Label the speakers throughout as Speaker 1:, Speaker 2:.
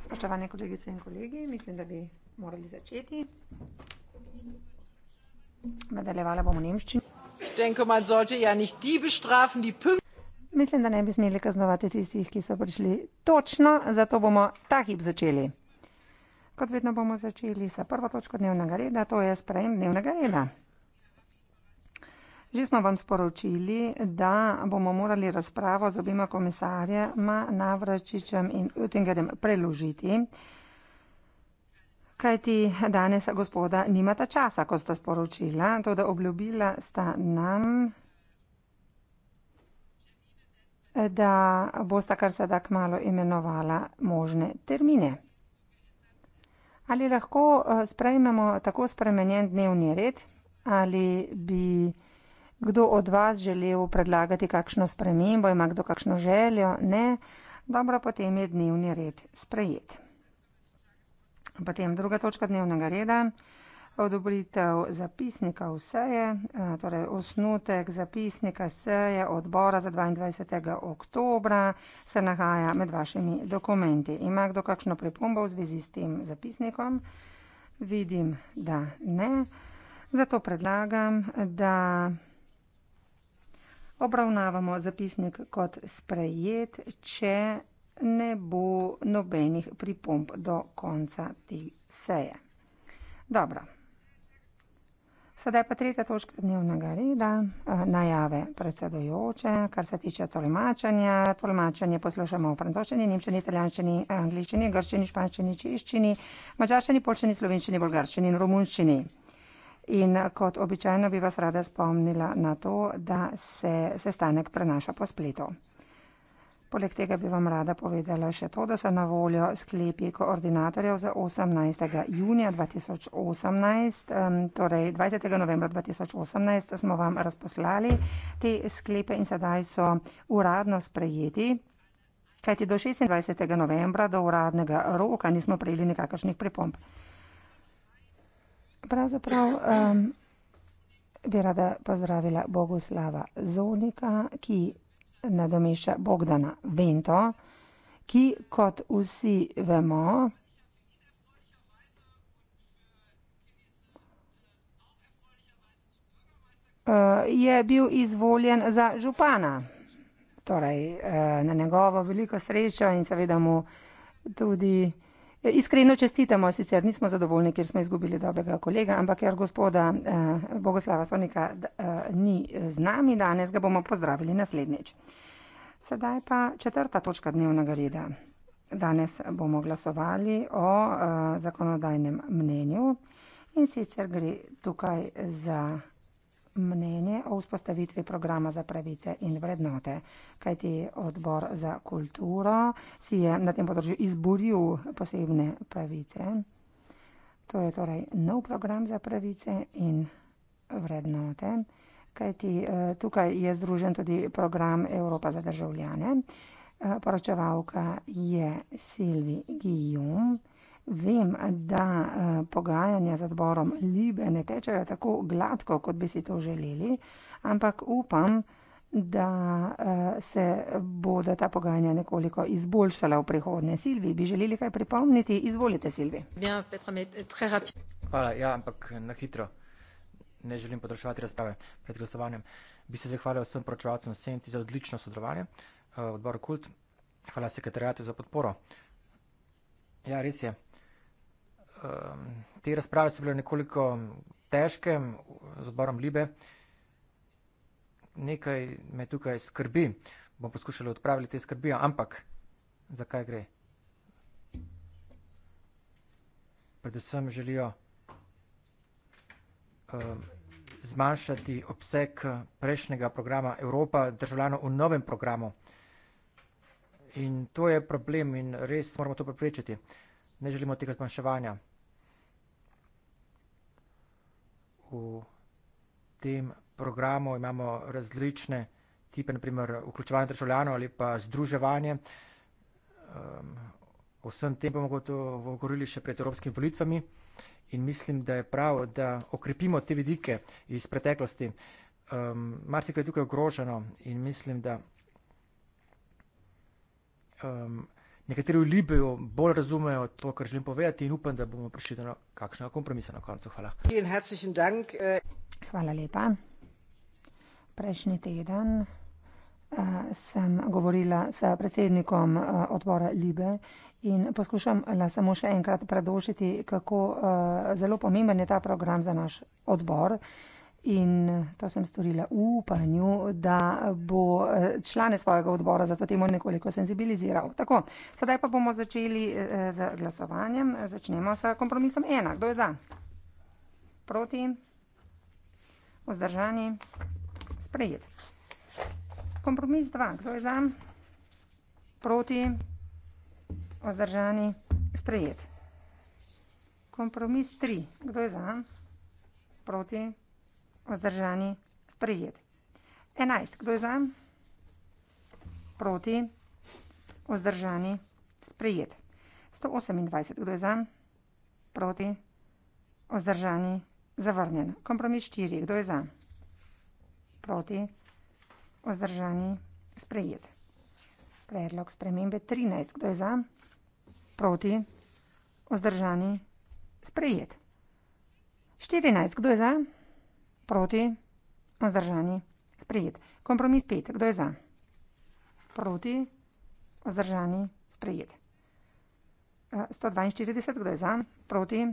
Speaker 1: Spoštovane kolegice in kolegi, mislim, da bi morali začeti. Nadaljevala bom v nemščini. Ja mislim, da ne bi smeli kaznovati tistih, ki so prišli točno, zato bomo ta hip začeli. Kot vedno bomo začeli s prvo točko dnevnega reda, to je sprejem dnevnega reda. Že smo vam sporočili, da bomo morali razpravo z obima komisarjema Navračičem in Utingerjem preložiti, kajti danes gospoda nimata časa, kot sta sporočila, to da obljubila sta nam, da bosta kar se da kmalo imenovala možne termine. Ali lahko eh, sprejmemo tako spremenjen dnevni red ali bi kdo od vas želel predlagati kakšno spremembo, ima kdo kakšno željo, ne, dobro, potem je dnevni red sprejet. Potem druga točka dnevnega reda, odobritev zapisnika vseje, eh, torej osnutek zapisnika seje odbora za 22. oktobra se nahaja med vašimi dokumenti. Ima kdo kakšno pripombo v zvezi s tem zapisnikom? Vidim, da ne. Zato predlagam, da obravnavamo zapisnik kot sprejet, če ne bo nobenih pripomb do konca te seje. Dobro. Sedaj pa tretja točka dnevnega reda, eh, najave predsedojoče, kar se tiče tolmačanja. Tolmačanje poslušamo v francoščini, nemščini, italijančini, angliščini, grščini, španščini, češčini, mačarščini, polščini, slovenščini, bolgarščini in romunščini. In eh, kot običajno bi vas rada spomnila na to, da se sestanek prenaša po spletu. Poleg tega bi vam rada povedala še to, da so na voljo sklepi koordinatorjev za 18. junija 2018, torej 20. novembra 2018 smo vam razposlali te sklepe in sedaj so uradno sprejeti. Kajti do 26. novembra, do uradnega roka, nismo prejeli nikakršnih pripomp pravzaprav um, bi rada pozdravila Bogoslava Zonika, ki nadomešča Bogdana Vento, ki kot vsi vemo, eh, je bil izvoljen za župana. Torej, eh, na njegovo veliko srečo in seveda mu tudi Iskreno čestitamo, sicer nismo zadovoljni, ker smo izgubili dobrega kolega, ampak ker gospoda eh, Bogoslava Sonika eh, ni eh, z nami danes, ga bomo pozdravili naslednjič. Sedaj pa četrta točka dnevnega reda. Danes bomo glasovali o eh, zakonodajnem mnenju in sicer gre tukaj za mnenje o vzpostavitvi programa za pravice in vrednote. Kajti odbor za kulturo si je na tem področju izboril posebne pravice. To je torej nov program za pravice in vrednote. Kajti eh, tukaj je združen tudi program Evropa za državljane. Eh, poročevalka je Silvi Guillaume. Vem, da eh, pogajanja z odborom Libe ne tečejo tako gladko, kot bi si to želeli, ampak upam, da eh, se bodo ta pogajanja nekoliko izboljšala v prihodnje. Silvi, bi želeli kaj pripomniti? Izvolite, Silvi.
Speaker 2: Hvala, ja, ampak na hitro. Ne želim podrašovati razprave pred glasovanjem. Bi se zahvalil vsem poročevalcem Senci za odlično sodelovanje v eh, odboru Kult. Hvala sekretarjatu za podporo. Ja, res je um, te razprave so bile nekoliko težke z odborom Libe. Nekaj me tukaj skrbi, bom poskušala odpraviti te skrbi, ampak zakaj gre? Predvsem želijo um, zmanjšati obseg prejšnjega programa Evropa državljanov v novem programu. In to je problem in res moramo to preprečiti. Ne želimo tega zmanjševanja. v tem programu imamo različne tipe, naprimer vključevanje državljanov ali pa združevanje. Um, vsem tem bomo govorili še pred evropskimi volitvami in mislim, da je prav, da okrepimo te vidike iz preteklosti. Um, Marsikaj je tukaj ogroženo in mislim, da um, nekateri v Libiji bolj razumejo to, kar želim povedati, in upam, da bomo prišli do kakšnega kompromisa na koncu. Hvala. Äh,
Speaker 1: Hvala lepa. Prejšnji teden uh, sem govorila s predsednikom uh, odbora Libe in poskušam samo še enkrat predošiti, kako uh, zelo pomemben je ta program za naš odbor. Uh, In eh, to sem storila v upanju, da bo eh, člane svojega odbora za to temo nekoliko senzibiliziral. Tako, sedaj pa bomo začeli eh, z glasovanjem. Začnemo s kompromisom ena. Kdo je za? Proti? Vzdržani? Sprejet. Kompromis dva. Kdo je za? Proti? Vzdržani? Sprejet. Kompromis tri. Kdo je za? Proti? Vzdržani? Sprejet vzdržani, sprejet. Enajst, kdo je za? Proti, vzdržani, sprejet. Sto osemindvajset, kdo je za? Proti, vzdržani, zavrnjen. Kompromis štiri, kdo je za? Proti, vzdržani, sprejet. Predlog spremembe trinajst, kdo je za? Proti, vzdržani, sprejet. Štirinajst, kdo je za? Proti. Vzdržani. Sprejet. Kompromis pet. Kdo je za? Proti. Vzdržani. Sprejet. 142. Eh, Kdo je za? Proti.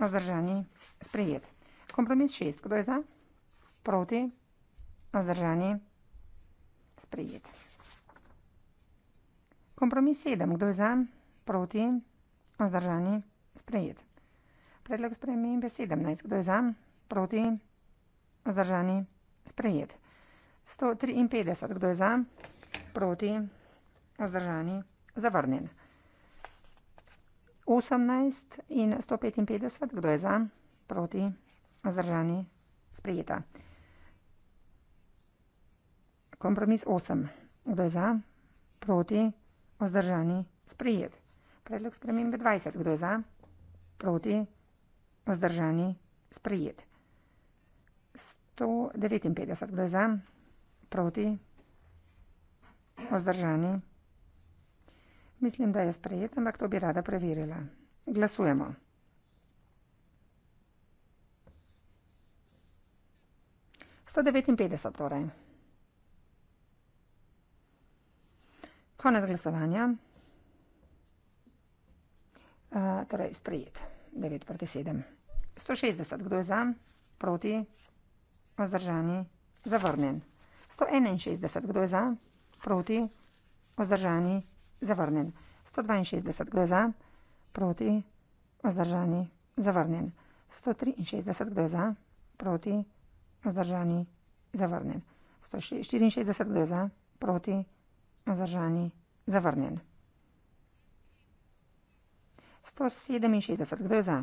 Speaker 1: Vzdržani. Sprejet. Kompromis šest. Kdo je za? Proti. Vzdržani. Sprejet. Kompromis sedem. Kdo je za? Proti. Vzdržani. Sprejet. Predlog spremembe 17. Kdo je za? Proti. Zdržani. Sprejet. 153. Kdo je za? Proti. Vzdržani. Zavrnen. 18 in 155. Kdo je za? Proti. Vzdržani. Sprejeta. Kompromis 8. Kdo je za? Proti. Vzdržani. Sprejet. Predlog spremembe 20. Kdo je za? Proti. Vzdržani. Sprejet. Sprejet. 159, kdo je za? Proti? Ozdržani? Mislim, da je sprejet, ampak to bi rada preverila. Glasujemo. Sto devetinpetdeset torej. Konec glasovanja. Eh, torej, sprejet. Devet proti sedem. Sto šestdeset, kdo je za? Proti? Proti? vzdržani, zavrnjen. 161, kdo je za, proti, vzdržani, zavrnjen. 162, kdo je za, proti, vzdržani, zavrnjen. 163, kdo je za, proti, vzdržani, zavrnjen. 164, kdo je za, proti, vzdržani, zavrnjen. 167, kdo je za,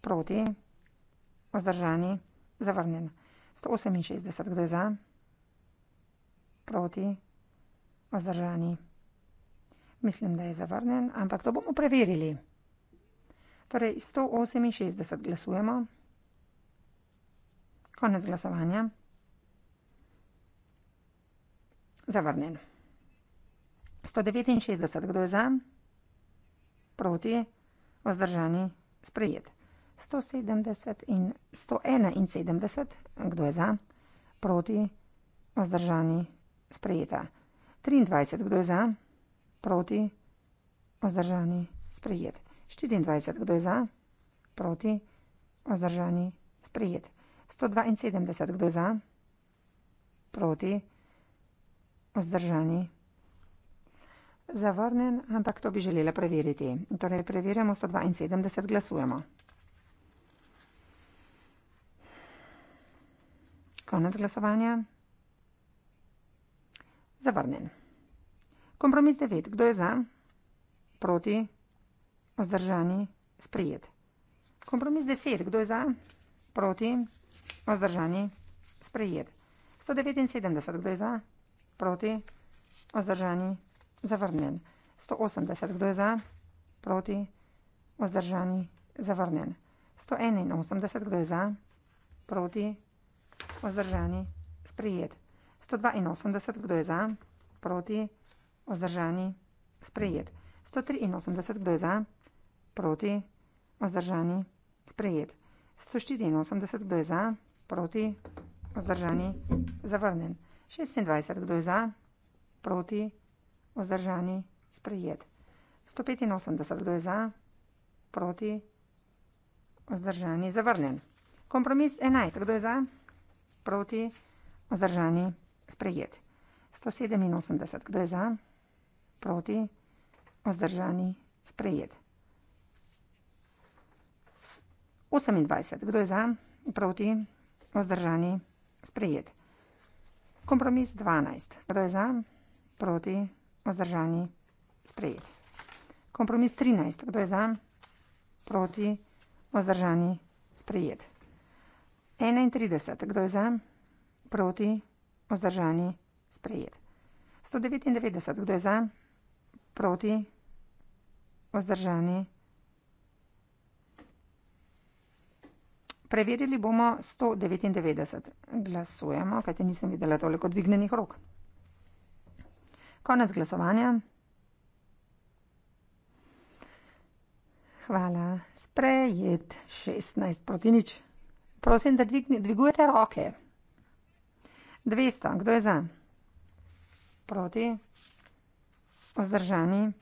Speaker 1: proti, vzdržani, zavrnjen. 168, 168, kdo je za? Proti? Ozdržani? Mislim, da je zavrnen, ampak to bomo preverili. Torej, 168 glasujemo. Konec glasovanja. Zavrnen. 169, kdo je za? Proti? Ozdržani? Sprejet. 170 in 171, kdo je za, proti, vzdržani, sprejeta. 23, kdo je za, proti, vzdržani, sprejet. 24, kdo je za, proti, vzdržani, sprejet. 172, kdo je za, proti, vzdržani. Zavrnen, ampak to bi želela preveriti. Torej, preverjamo 172, glasujemo. Konec glasovanja. Zavrnjen. Kompromis 9. Kdo je za? Proti? Ozdržani? Sprijet. Kompromis 10. Kdo je za? Proti? Ozdržani? Sprijet. 179. Kdo je za? Proti? Ozdržani? Zavrnjen. 180. Kdo je za? Proti? Ozdržani? Zavrnjen. 181. Kdo je za? Proti? Ozdržani? Zavrnjen. Vzdržani. Sprejet. Sto dvainosemdeset, kdo je za? Proti. Vzdržani. Sprejet. Sto triinosemdeset, kdo je za? Proti. Vzdržani. Sprejet. Sto štiriinosemdeset, kdo je za? Proti. Vzdržani. Zavrnjen. Šestindvajset, kdo je za? Proti. Vzdržani. Sprejet. Sto petinosemdeset, kdo je za? Proti. Vzdržani. Zavrnjen. Kompromis enajst, kdo je za? proti, vzdržani, sprejet. 187, kdo je za, proti, vzdržani, sprejet. 28, kdo je za, proti, vzdržani, sprejet. Kompromis 12, kdo je za, proti, vzdržani, sprejet. Kompromis 13, kdo je za, proti, vzdržani, sprejet. 31, kdo je za? Proti, vzdržani, sprejet. 199, kdo je za? Proti, vzdržani. Preverili bomo 199. Glasujemo, kajte nisem videla toliko dvignenih rok. Konec glasovanja. Hvala. Sprejet 16 proti nič. Prosim, da dvigne, dvigujete roke. Dvesto, kdo je za? Proti? Vzdržani?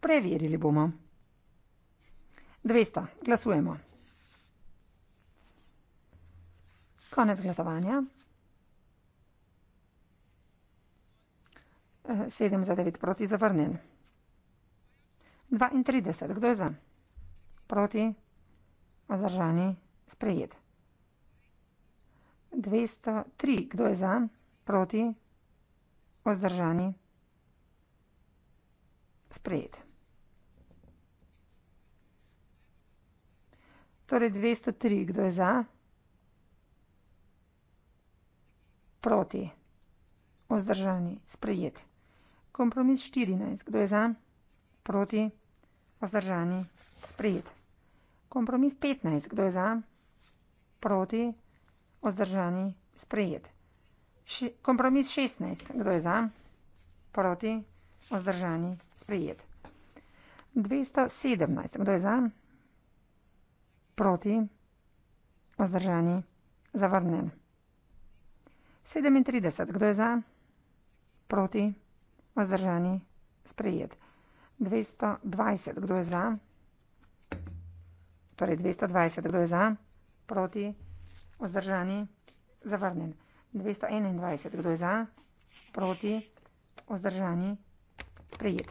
Speaker 1: Preverili bomo. Dvesto, glasujemo. Konec glasovanja. Eh, sedem za devet proti zavrnjen. Dvaintrideset, kdo je za? proti, vzdržani, sprejet. Dvesto tri, kdo je za, proti, vzdržani, sprejet. Torej dvesto tri, kdo je za, proti, vzdržani, sprejet. Kompromis štirinajst, kdo je za, proti, vzdržani, sprejet. Kompromis 15. Kdo je za? Proti? Ozdržani? Sprejet. Še, kompromis 16. Kdo je za? Proti? Ozdržani? Sprejet. 217. Kdo je za? Proti? Ozdržani? Zavrnen. 37. Kdo je za? Proti? Ozdržani? Sprejet. 220. Kdo je za? Proti? Torej dvesto dvajset, kdo je za? Proti? Vzdržani? Zavrnjen. Dvesto enaindvajset, kdo je za? Proti? Vzdržani? Sprejet.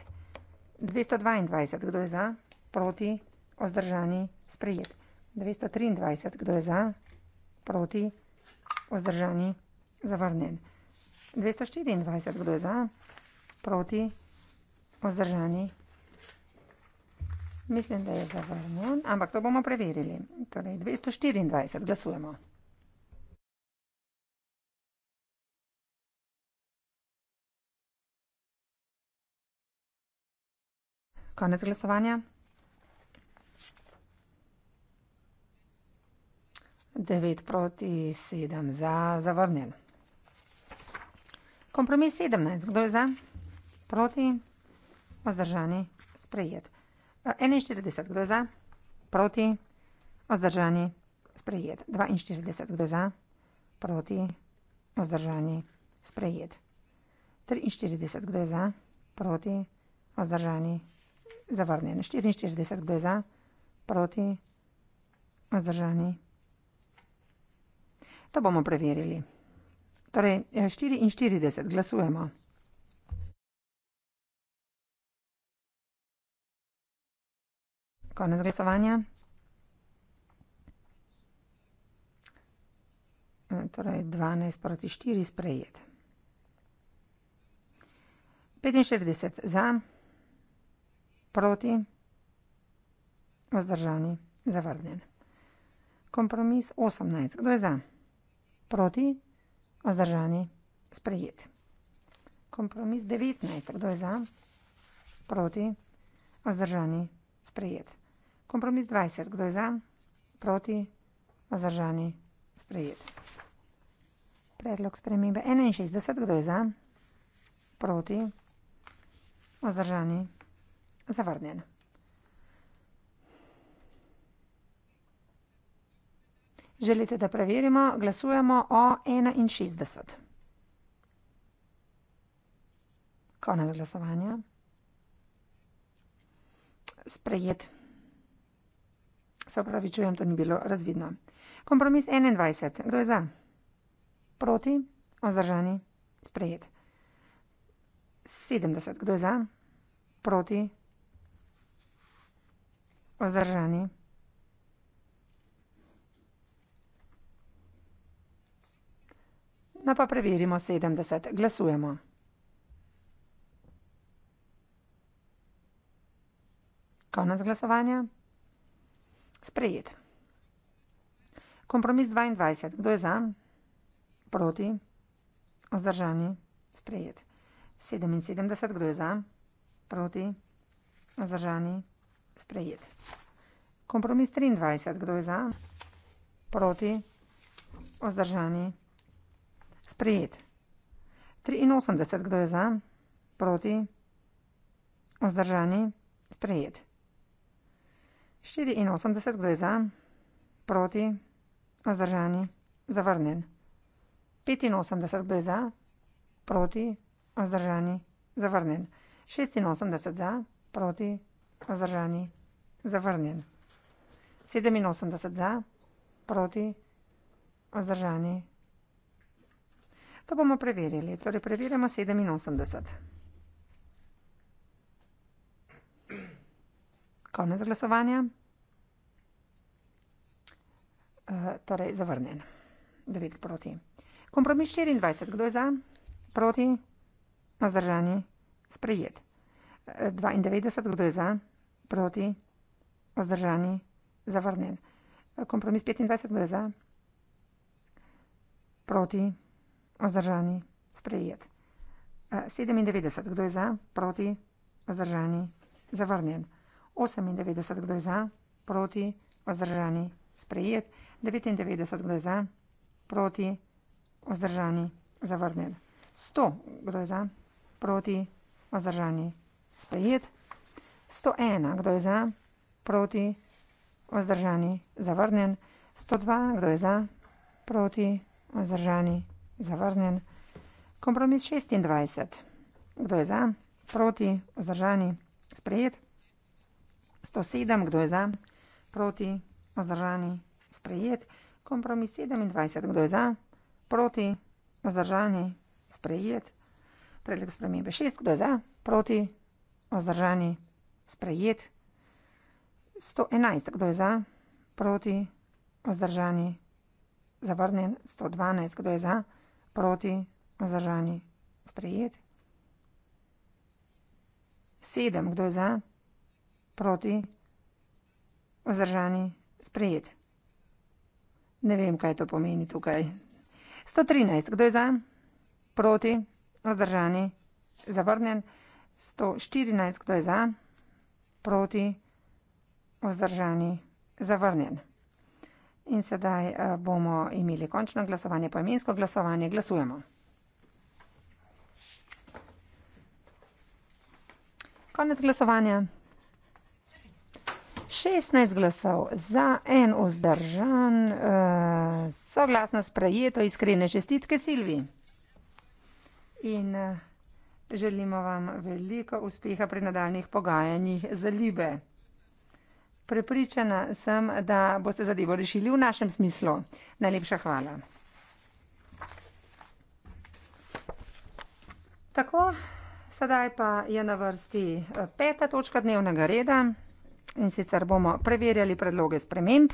Speaker 1: Dvesto dvaindvajset, kdo je za? Proti? Vzdržani? Sprejet. Dvesto triindvajset, kdo je za? Proti? Vzdržani? Zavrnjen. Dvesto štiriindvajset, kdo je za? Proti? Vzdržani? Mislim, da je zavrnjen, ampak to bomo preverili. Torej, 224, glasujemo. Konec glasovanja. 9 proti 7 za zavrnjen. Kompromis 17. Kdo je za? Proti? Ozdržani? Sprejet. 41, kdo je za? Proti. Ozdržani. Sprejet. 42, kdo je za? Proti. Ozdržani. Sprejet. 43, kdo je za? Proti. Ozdržani. Zavrnjen. 44, kdo je za? Proti. Ozdržani. To bomo preverili. Torej, 44 eh, glasujemo. Konec glasovanja. E, torej 12 proti 4 sprejet. 45 za, proti, vzdržani, zavrnjen. Kompromis 18. Kdo je za? Proti, vzdržani, sprejet. Kompromis 19. Kdo je za? Proti, vzdržani, sprejet. Kompromis 20. Kdo je za? Proti? Vzdržani? Sprejet. Predlog spremembe 61. Kdo je za? Proti? Vzdržani? Zavrnjen. Želite, da preverimo? Glasujemo o 61. Konec glasovanja. Sprejet. Sprejet. Se pravi, čujem, to ni bilo razvidno. Kompromis 21. Kdo je za? Proti? Ozdržani? Sprejet. 70. Kdo je za? Proti? Ozdržani? No pa preverimo 70. Glasujemo. Konec glasovanja. Sprejet. Kompromis 22. Kdo je za? Proti. Ozdržani. Sprejet. 77. Kdo je za? Proti. Ozdržani. Sprejet. Kompromis 23. Kdo je za? Proti. Ozdržani. Sprejet. 83. Kdo je za? Proti. Ozdržani. Sprejet. 84, kdo je za, proti, vzdržani, zavrnjen. 85, kdo je za, proti, vzdržani, zavrnjen. 86 za, proti, vzdržani, zavrnjen. 87 za, proti, vzdržani. To bomo preverili, torej preverjamo 87. Konec glasovanja. E, torej, zavrnjen. 9 proti. Kompromis 24. Kdo je za? Proti. Ozdržani. Sprejet. 92. E, Kdo je za? Proti. Ozdržani. Zavrnjen. E, kompromis 25. Kdo je za? Proti. Ozdržani. Sprejet. 97. E, Kdo je za? Proti. Ozdržani. Zavrnjen. 98, kdo je za, proti, vzdržani, sprejet. 99, kdo je za, proti, vzdržani, zavrnen. 100, kdo je za, proti, vzdržani, sprejet. 101, kdo je za, proti, vzdržani, zavrnen. 102, kdo je za, proti, vzdržani, zavrnen. Kompromis 26, kdo je za, proti, vzdržani, sprejet. 107, kdo je za, proti, vzdržani, sprejet. Kompromis 27, kdo je za, proti, vzdržani, sprejet. Predlog spremembe 6, kdo je za, proti, vzdržani, sprejet. 111, kdo je za, proti, vzdržani, zavrnjen. 112, kdo je za, proti, vzdržani, sprejet. 7, kdo je za, proti, vzdržani, sprejet proti, vzdržani, sprejet. Ne vem, kaj to pomeni tukaj. 113, kdo je za? Proti, vzdržani, zavrnjen. 114, kdo je za? Proti, vzdržani, zavrnjen. In sedaj eh, bomo imeli končno glasovanje, poimensko glasovanje, glasujemo. Konec glasovanja šestnajst glasov za, en vzdržan, eh, soglasno sprejeto, iskrene čestitke Silvi. In eh, želimo vam veliko uspeha pri nadaljnih pogajanjih za Libe. Prepričana sem, da boste zadevo rešili v našem smislu. Najlepša hvala. Tako, sedaj pa je na vrsti eh, peta točka dnevnega reda. In sicer bomo preverjali predloge sprememb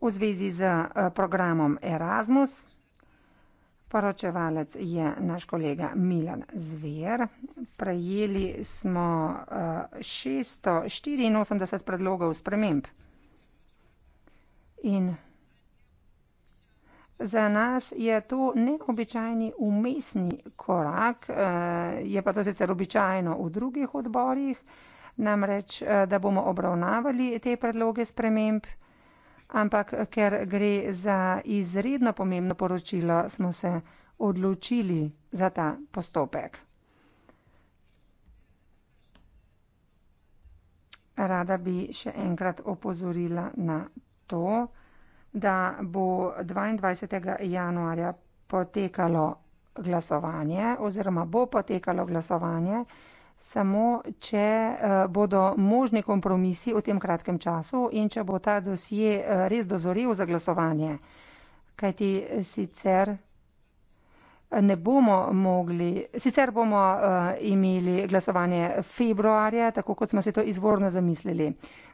Speaker 1: v zvezi z eh, programom Erasmus. Poročevalec je naš kolega Milan Zver. Prejeli smo 684 eh, predlogov sprememb. In za nas je to neobičajni umestni korak, eh, je pa to sicer običajno v drugih odborih namreč eh, da bomo obravnavali te predloge sprememb, ampak ker gre za izredno pomembno poročilo, smo se odločili za ta postopek. Rada bi še enkrat opozorila na to, da bo dvaindvajsetega januarja potekalo glasovanje oziroma bo potekalo glasovanje samo če eh, bodo možni kompromisi v tem kratkem času in če bo ta dosje eh, res dozoril za glasovanje. Kajti sicer eh, ne bomo mogli, sicer bomo imeli glasovanje februarja, tako kot smo se to izvorno zamislili.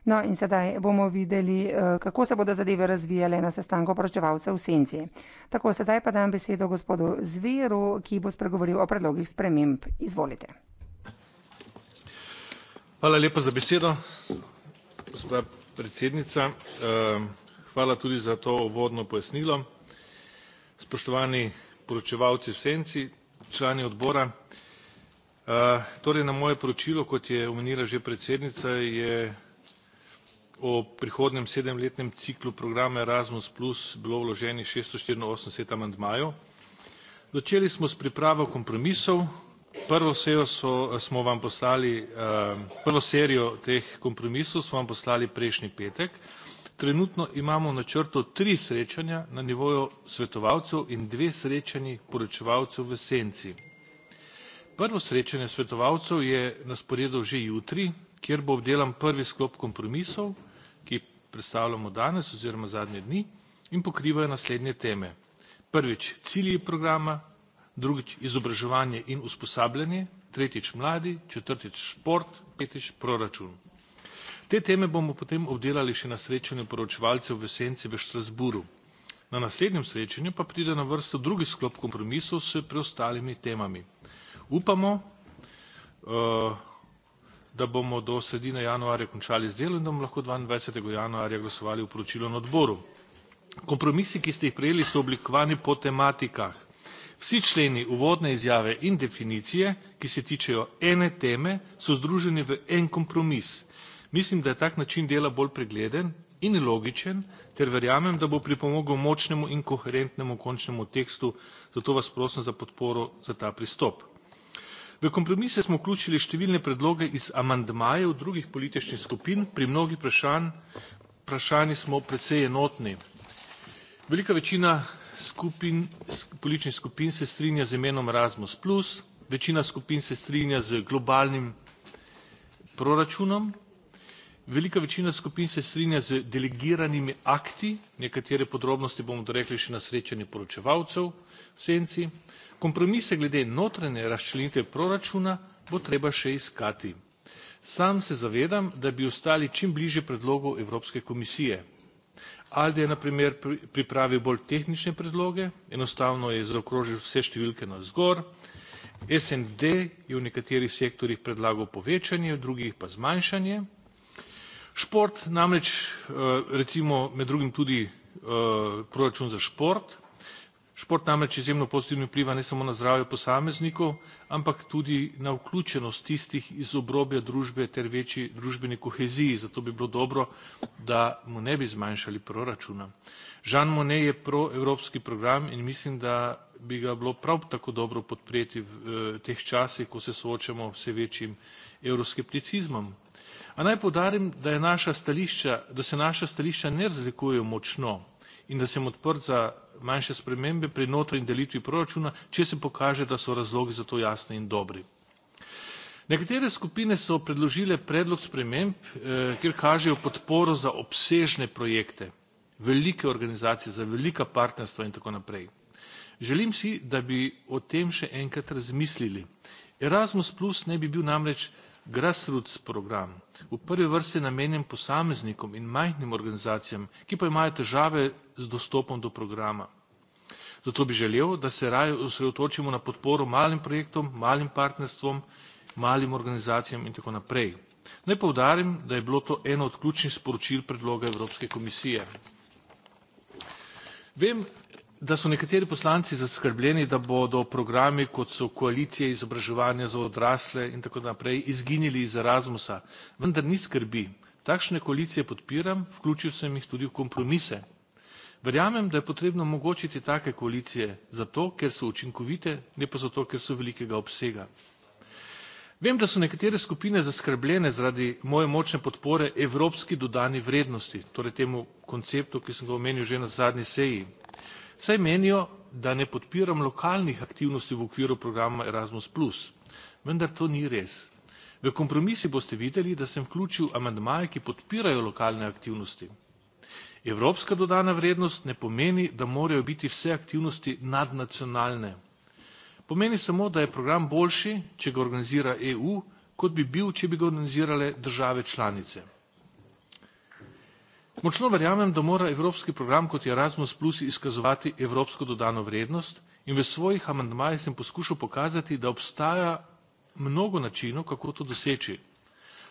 Speaker 1: No in sedaj bomo videli, kako se bodo zadeve razvijale na sestanku poročevalcev v Senci. Tako, sedaj pa dam besedo gospodu Zveru, ki bo spregovoril o predlogih sprememb.
Speaker 3: Izvolite. Hvala lepa za besedo, gospa predsednica. Ehm, hvala tudi za to uvodno pojasnilo. Spoštovani poročevalci v senci, člani odbora. Ehm, torej na moje poročilo, kot je omenila že predsednica, je o prihodnjem sedemletnem ciklu programa Erasmus plus bilo vloženih šeststo štiriinosemdeset amandmajev. Začeli smo s pripravo kompromisov, Prvo sejo so, smo vam poslali, eh, prvo serijo teh kompromisov smo vam poslali prejšnji petek. Trenutno imamo na črtu tri srečanja na nivoju svetovalcev in dve srečanji poročevalcev v senci. Prvo srečanje svetovalcev je na sporedu že jutri, kjer bo obdelan prvi sklop kompromisov, ki predstavljamo danes oziroma zadnje dni in pokrivajo naslednje teme. Prvič, cilji programa, drugič izobraževanje in usposabljanje, tretjič mladi, četrtič šport, petič proračun. Te teme bomo potem obdelali še na srečanju poročevalcev v Senci v Štrasburu. Na naslednjem srečanju pa pride na vrsto drugi sklop kompromisov s preostalimi temami. Upamo, eh, da bomo do sredine januarja končali z delom in da bomo lahko 22. januarja glasovali v poročilu na odboru. Kompromisi, ki ste jih prejeli, so oblikovani po tematikah. Vsi členi uvodne izjave in definicije, ki se tičejo ene teme, so združeni v en kompromis. Mislim, da je tak način dela bolj pregleden in logičen ter verjamem, da bo pripomogel močnemu in koherentnemu končnemu tekstu, zato vas prosim za podporo za ta pristop. V kompromise smo vključili številne predloge iz amandmajev drugih političnih skupin, pri mnogih vprašanj smo precej enotni. Velika večina skupin, političnih skupin se strinja z imenom Erasmus, večina skupin se strinja z globalnim proračunom, velika večina skupin se strinja z delegiranimi akti, nekatere podrobnosti bomo dorekli še na srečanje poročevalcev v senci, kompromise glede notranje razčlenitve proračuna bo treba še iskati. Sam se zavedam, da bi ostali čim bliže predlogu Evropske komisije. Aldi je na primer pripravil bolj tehnične predloge, enostavno je zaokrožil vse številke na vzgor, SND je v nekaterih sektorjih predlagal povečanje, v drugih pa zmanjšanje. Šport namreč eh, recimo med drugim tudi eh, proračun za šport Šport namreč izjemno pozitivno vpliva ne samo na zdravje posameznikov, ampak tudi na vključenost tistih iz obrobja družbe ter večji družbeni koheziji. Zato bi bilo dobro, da mu ne bi zmanjšali proračuna. Žan Monet je proevropski program in mislim, da bi ga bilo prav tako dobro podpreti v eh, teh časih, ko se soočamo vse večjim euroskepticizmom. A naj podarim, da, je naša da se naša stališča ne razlikujejo močno in da sem odprt za manjše spremembe pri notranji delitvi proračuna, če se pokaže, da so razlogi za to jasni in dobri. Nekatere skupine so predložile predlog sprememb, eh, kjer kažejo podporo za obsežne projekte, velike organizacije, za velika partnerstva in tako naprej. Želim si, da bi o tem še enkrat razmislili. Erasmus Plus ne bi bil namreč grassroots program, v prvi vrsti namenjen posameznikom in majhnim organizacijam, ki pa imajo težave z dostopom do programa. Zato bi želel, da se raje osredotočimo na podporo malim projektom, malim partnerstvom, malim organizacijam in tako naprej. Naj povdarim, da je bilo to eno od ključnih sporočil predloga Evropske komisije. Vem, da so nekateri poslanci zaskrbljeni, da bodo programi, kot so koalicije izobraževanja za odrasle in tako naprej, izginili iz Erasmusa. Vendar ni skrbi. Takšne koalicije podpiram, vključil sem jih tudi v kompromise. Verjamem, da je potrebno omogočiti take koalicije zato, ker so učinkovite, ne pa zato, ker so velikega obsega. Vem, da so nekatere skupine zaskrbljene zaradi moje močne podpore evropski dodani vrednosti, torej temu konceptu, ki sem ga omenil že na zadnji seji saj menijo, da ne podpiram lokalnih aktivnosti v okviru programa Erasmus. Vendar to ni res. V kompromisi boste videli, da sem vključil amandmaje, ki podpirajo lokalne aktivnosti. Evropska dodana vrednost ne pomeni, da morajo biti vse aktivnosti nadnacionalne. Pomeni samo, da je program boljši, če ga organizira EU, kot bi bil, če bi ga organizirale države članice. Močno verjamem, da mora evropski program kot je Erasmus Plus izkazovati evropsko dodano vrednost in v svojih amandmajih sem poskušal pokazati, da obstaja mnogo načinov, kako to doseči.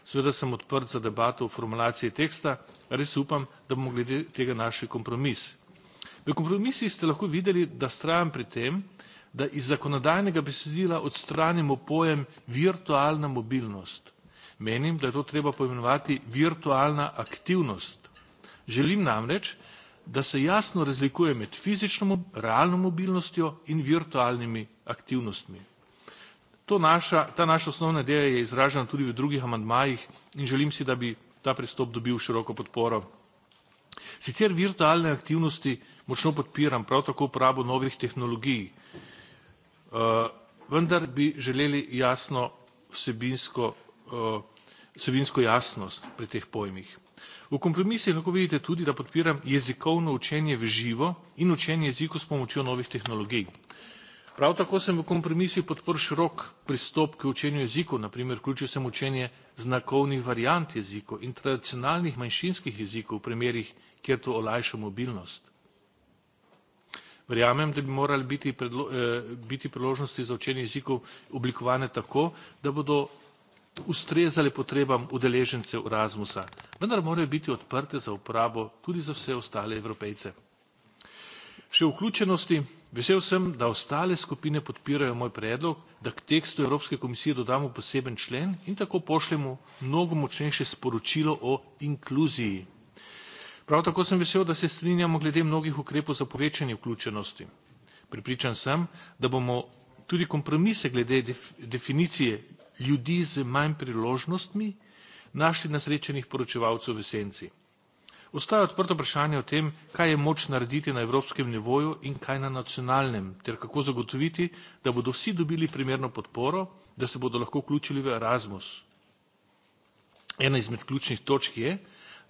Speaker 3: Sveda sem odprt za debato o formulaciji teksta, res upam, da bomo glede tega našli kompromis. V kompromisi ste lahko videli, da strajam pri tem, da iz zakonodajnega besedila odstranimo pojem virtualna mobilnost. Menim, da je to treba poimenovati virtualna aktivnost. Želim namreč, da se jasno razlikuje med fizično realno mobilnostjo in virtualnimi aktivnostmi. Naša, ta naša osnovna ideja je izražena tudi v drugih amandmajih in želim si, da bi ta pristop dobil široko podporo. Sicer virtualne aktivnosti močno podpiram, prav tako uporabo novih tehnologij, eh, vendar bi želeli jasno vsebinsko, eh, vsebinsko jasnost pri teh pojmih. V kompromisih lahko vidite tudi, da podpiram jezikovno učenje v živo in učenje jezikov s pomočjo novih tehnologij. Prav tako sem v kompromisih podprl širok pristop k učenju jezikov, naprimer vključil sem učenje znakovnih variant jezikov in tradicionalnih manjšinskih jezikov v primerih, kjer to olajša mobilnost. Verjamem, da bi morali biti, eh, biti priložnosti za učenje jezikov oblikovane tako, da bodo ustrezale potrebam udeležencev Erasmusa, vendar morajo biti odprte za uporabo tudi za vse ostale evropejce. Še vključenosti, vesel sem, da ostale skupine podpirajo moj predlog, da k tekstu Evropske komisije dodamo poseben člen in tako pošljemo mnogo močnejše sporočilo o inkluziji. Prav tako sem vesel, da se strinjamo glede mnogih ukrepov za povečanje vključenosti. Pripričan sem, da bomo tudi kompromise glede definicije ljudi z manj priložnostmi, našli nasrečenih poročevalcev v senci. Ostaja odprto vprašanje o tem, kaj je moč narediti na evropskem nivoju in kaj na nacionalnem, ter kako zagotoviti, da bodo vsi dobili primerno podporo, da se bodo lahko vključili v Erasmus. Ena izmed ključnih točk je,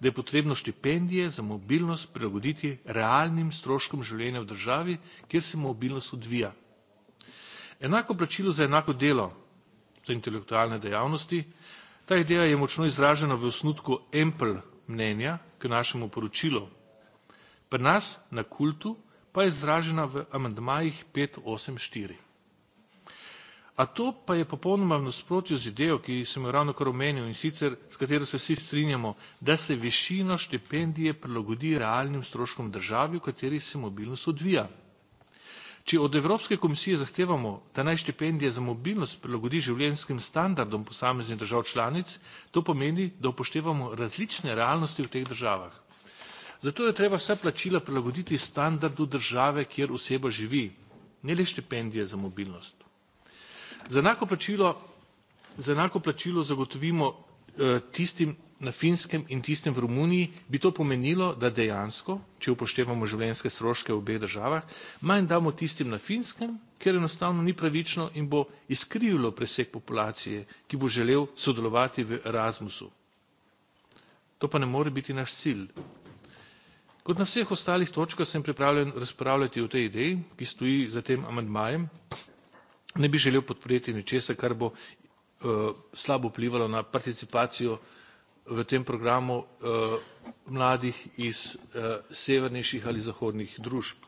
Speaker 3: da je potrebno štipendije za mobilnost prilagoditi realnim stroškom življenja v državi, kjer se mobilnost odvija. Enako plačilo za enako delo te intelektualne dejavnosti. Ta ideja je močno izražena v osnutku Empel mnenja k našemu poročilu. Pri nas na kultu pa je izražena v amandmajih 584. A to pa je popolnoma v nasprotju z idejo, ki sem jo ravno kar omenil in sicer s katero se vsi strinjamo, da se višino štipendije prilagodi realnim stroškom države, v kateri se mobilnost odvija. Če od Evropske komisije zahtevamo, da naj štipendije za mobilnost prilagodi življenjskim standardom posameznih držav članic, to pomeni, da upoštevamo različne realnosti v teh državah. Zato je treba vsa plačila prilagoditi standardu države, kjer oseba živi, ne le štipendije za mobilnost. Za enako plačilo, za enako plačilo zagotovimo eh, tistim, na Finskem in tistem v Romuniji, bi to pomenilo, da dejansko, če upoštevamo življenjske stroške v obeh državah, manj damo tistim na Finskem, ker enostavno ni pravično in bo izkrivilo preseg populacije, ki bo želel sodelovati v Erasmusu. To pa ne more biti naš cilj. Kot na vseh ostalih točkah sem pripravljen razpravljati o tej ideji, ki stoji za tem amandmajem. Ne bi želel podpreti ničesa, kar bo uh, slabo vplivalo na participacijo v tem programu eh, mladih iz eh, severnejših ali zahodnih družb,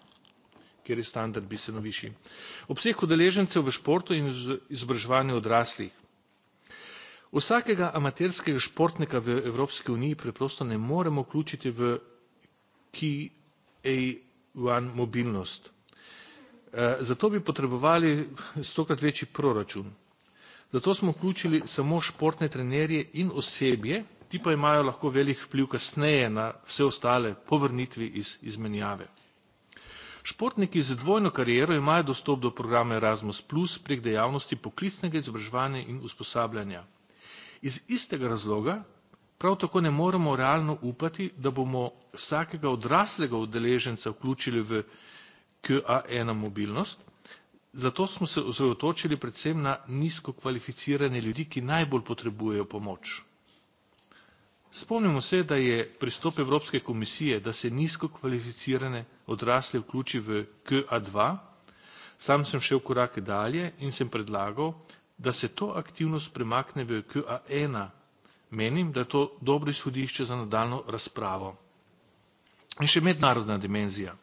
Speaker 3: kjer je standard bistveno višji. Obseg udeležencev v športu in izobraževanju odraslih. Vsakega amaterskega športnika v Evropski uniji preprosto ne moremo vključiti v KA1 mobilnost. Eh, zato bi potrebovali stokrat večji proračun. Zato smo vključili samo športne trenerje in osebje, ti pa imajo lahko velik vpliv kasneje na vse ostale povrnitvi iz izmenjave. Športniki z dvojno kariero imajo dostop do programa Erasmus Plus prek dejavnosti poklicnega izobraževanja in usposabljanja. Iz istega razloga prav tako ne moremo realno upati, da bomo vsakega odraslega udeleženca vključili v QA1 mobilnost, zato smo se ozrotočili predvsem na nizko kvalificirane ljudi, ki najbolj potrebujejo pomoč. Spomnimo se, da je pristop Evropske komisije, da se nizko kvalificirane odrasle vključi v QA2, sam sem šel korake dalje in sem predlagal, da se to aktivnost premakne v QA1. Menim, da je to dobro izhodišče za nadaljno razpravo. In še mednarodna dimenzija.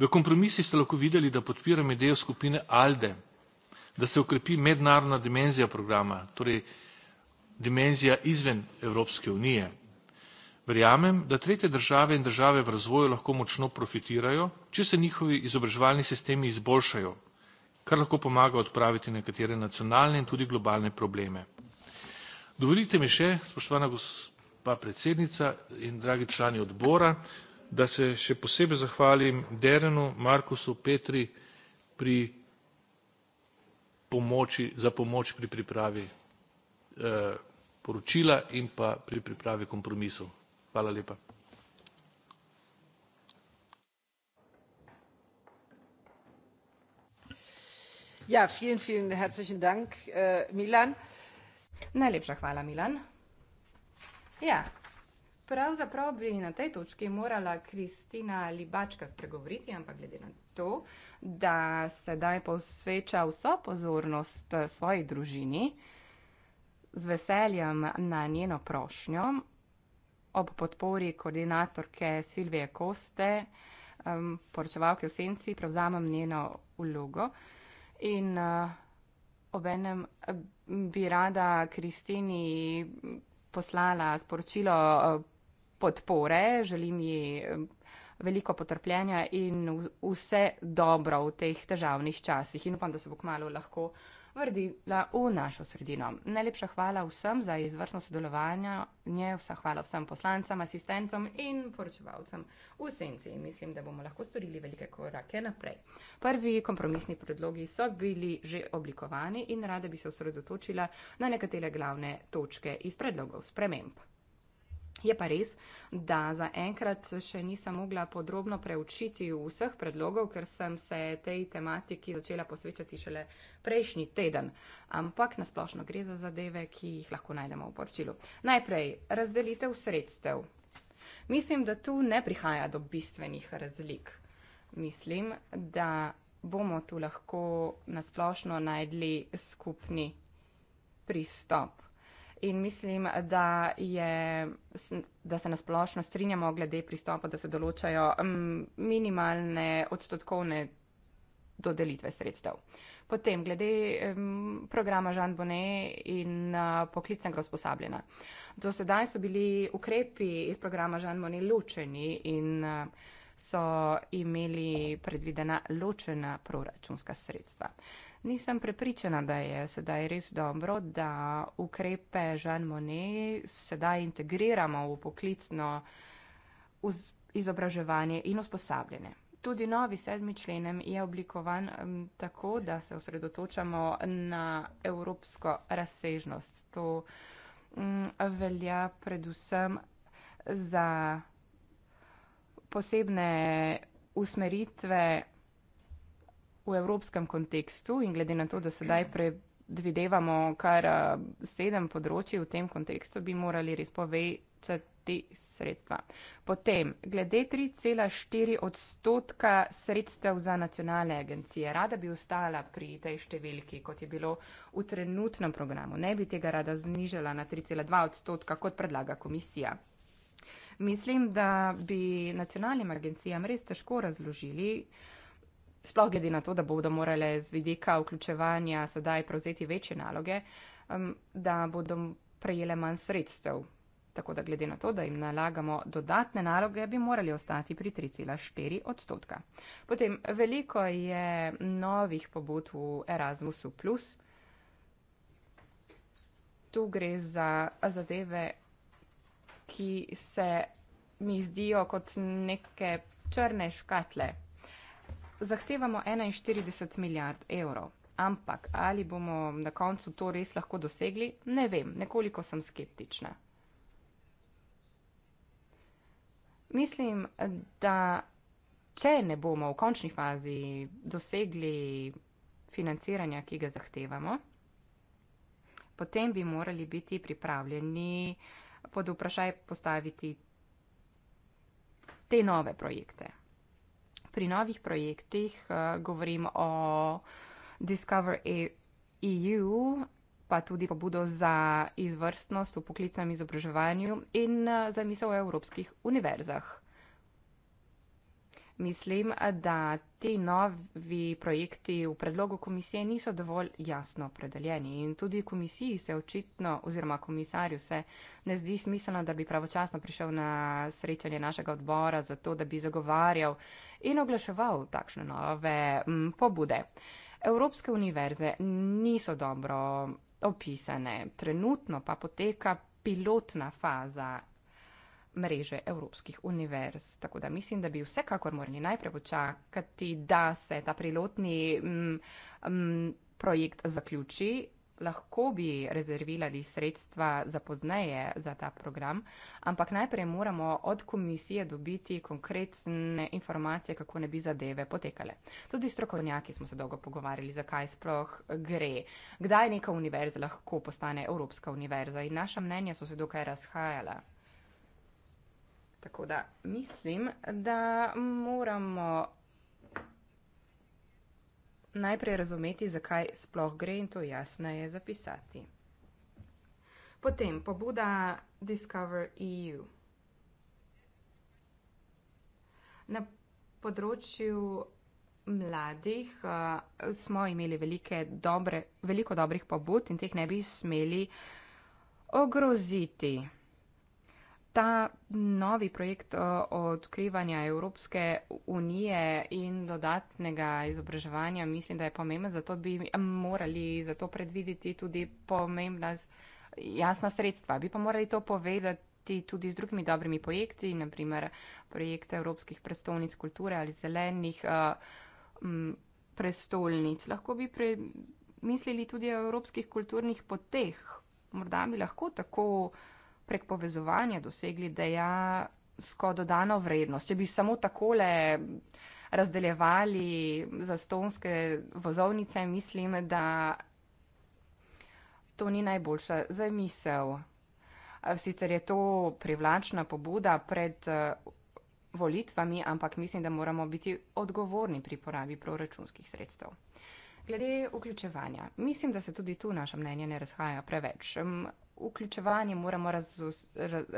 Speaker 3: V kompromisi ste lahko videli, da podpiram idejo skupine ALDE, da se ukrepi mednarodna dimenzija programa, torej dimenzija izven Evropske unije. Verjamem, da tretje države in države v razvoju lahko močno profitirajo, če se njihovi izobraževalni sistemi izboljšajo, kar lahko pomaga odpraviti nekatere nacionalne in tudi globalne probleme. Dovolite mi še, spoštovana gospa predsednica in dragi člani odbora, da se še posebej zahvalim Derenu, Markusu, Petri pri pomoči, za pomoč pri pripravi Eh, poročila in pa pri pripravi kompromisov. Hvala lepa.
Speaker 2: Ja, vielen, vielen herzlichen Dank, eh, Milan.
Speaker 4: Najlepša hvala, Milan. Ja, pravzaprav bi na tej točki morala Kristina Libačka spregovoriti, ampak glede na to, da sedaj posveča vso pozornost eh, svoji družini, z veseljem na njeno prošnjo ob podpori koordinatorke Silvije Koste, um, poročevalke v senci, prevzamem njeno vlogo in uh, obenem uh, bi rada Kristini poslala sporočilo uh, podpore, želim ji um, veliko potrpljenja in vse dobro v teh težavnih časih in upam, da se bo kmalo lahko uh, vrdila v našo sredino. Najlepša hvala vsem za izvrstno sodelovanje, nje vsa hvala vsem poslancem, asistentom in poročevalcem v senci. Mislim, da bomo lahko storili velike korake naprej. Prvi kompromisni predlogi so bili že oblikovani in rada bi se osredotočila na nekatere glavne točke iz predlogov sprememb. Je pa res, da zaenkrat še nisem mogla podrobno preučiti vseh predlogov, ker sem se tej tematiki začela posvečati šele prejšnji teden. Ampak nasplošno gre za zadeve, ki jih lahko najdemo v poročilu. Najprej, razdelitev sredstev. Mislim, da tu ne prihaja do bistvenih razlik. Mislim, da bomo tu lahko nasplošno najdli skupni pristop in mislim, da, je, da se nasplošno strinjamo glede pristopa, da se določajo mm, minimalne odstotkovne dodelitve sredstev. Potem, glede mm, programa Jean Bonnet in uh, poklicnega usposabljanja. Do sedaj so bili ukrepi iz programa Jean Bonnet ločeni in uh, so imeli predvidena ločena proračunska sredstva. Nisem prepričana, da je sedaj res dobro, da ukrepe Jean Monet sedaj integriramo v poklicno izobraževanje in usposabljanje. Tudi novi sedmi členem je oblikovan tako, da se osredotočamo na evropsko razsežnost. To velja predvsem za posebne usmeritve v evropskem kontekstu in glede na to, da sedaj predvidevamo kar eh, sedem področji v tem kontekstu, bi morali res povečati sredstva. Potem, glede 3,4 odstotka sredstev za nacionalne agencije, rada bi ostala pri tej številki, kot je bilo v trenutnem programu. Ne bi tega rada znižala na 3,2 odstotka, kot predlaga komisija. Mislim, da bi nacionalnim agencijam res težko razložili, uh, sploh glede na to, da bodo morale z vidika vključevanja sedaj prevzeti večje naloge, um, da bodo prejele manj sredstev. Tako da glede na to, da jim nalagamo dodatne naloge, bi morali ostati pri 3,4 odstotka. Potem veliko je novih pobud v Erasmusu. Tu gre za zadeve, ki se mi zdijo kot neke črne škatle, zahtevamo 41 milijard evrov. Ampak ali bomo na koncu to res lahko dosegli, ne vem, nekoliko sem skeptična. Mislim, da če ne bomo v končni fazi dosegli financiranja, ki ga zahtevamo, potem bi morali biti pripravljeni pod vprašaj postaviti te nove projekte pri novih projektih, eh, govorim o Discover EU, e pa tudi pobudo za izvrstnost v poklicnem izobraževanju in eh, zamisel o evropskih univerzah. Mislim, da ti novi projekti v predlogu komisije niso dovolj jasno opredeljeni in tudi komisiji se očitno oziroma komisarju se ne zdi smiselno, da bi pravočasno prišel na srečanje našega odbora za to, da bi zagovarjal in oglaševal takšne nove m, pobude. Evropske univerze niso dobro opisane, trenutno pa poteka pilotna faza mreže evropskih univerz. Tako da mislim, da bi vsekakor morali najprej počakati, da se ta pilotni mm, mm, projekt zaključi. Lahko bi rezervirali sredstva za pozneje za ta program, ampak najprej moramo od komisije dobiti konkretne informacije, kako ne bi zadeve potekale. Tudi strokovnjaki smo se dolgo pogovarjali, zakaj sploh gre, kdaj neka univerza lahko postane Evropska univerza in naša mnenja so se dokaj razhajala. Tako da mislim, da moramo najprej razumeti, zakaj sploh gre in to jasneje zapisati. Potem pobuda Discover EU. Na področju mladih uh, smo imeli dobre, veliko dobrih pobud in teh ne bi smeli ogroziti ta novi projekt eh, odkrivanja Evropske unije in dodatnega izobraževanja, mislim, da je pomemben, zato bi morali zato predvideti tudi pomembna jasna sredstva. Bi pa morali to povedati tudi z drugimi dobrimi projekti, naprimer projekte Evropskih prestolnic kulture ali zelenih eh, prestolnic. Lahko bi premislili tudi o evropskih kulturnih poteh. Morda bi lahko tako prek povezovanja dosegli dejansko dodano vrednost. Če bi samo takole razdeljevali zastonske vozovnice, mislim, da to ni najboljša zamisel. Sicer je to privlačna pobuda pred eh, volitvami, ampak mislim, da moramo biti odgovorni pri porabi proračunskih sredstev. Glede vključevanja, mislim, da se tudi tu naše mnenje ne razhaja preveč vključevanje moramo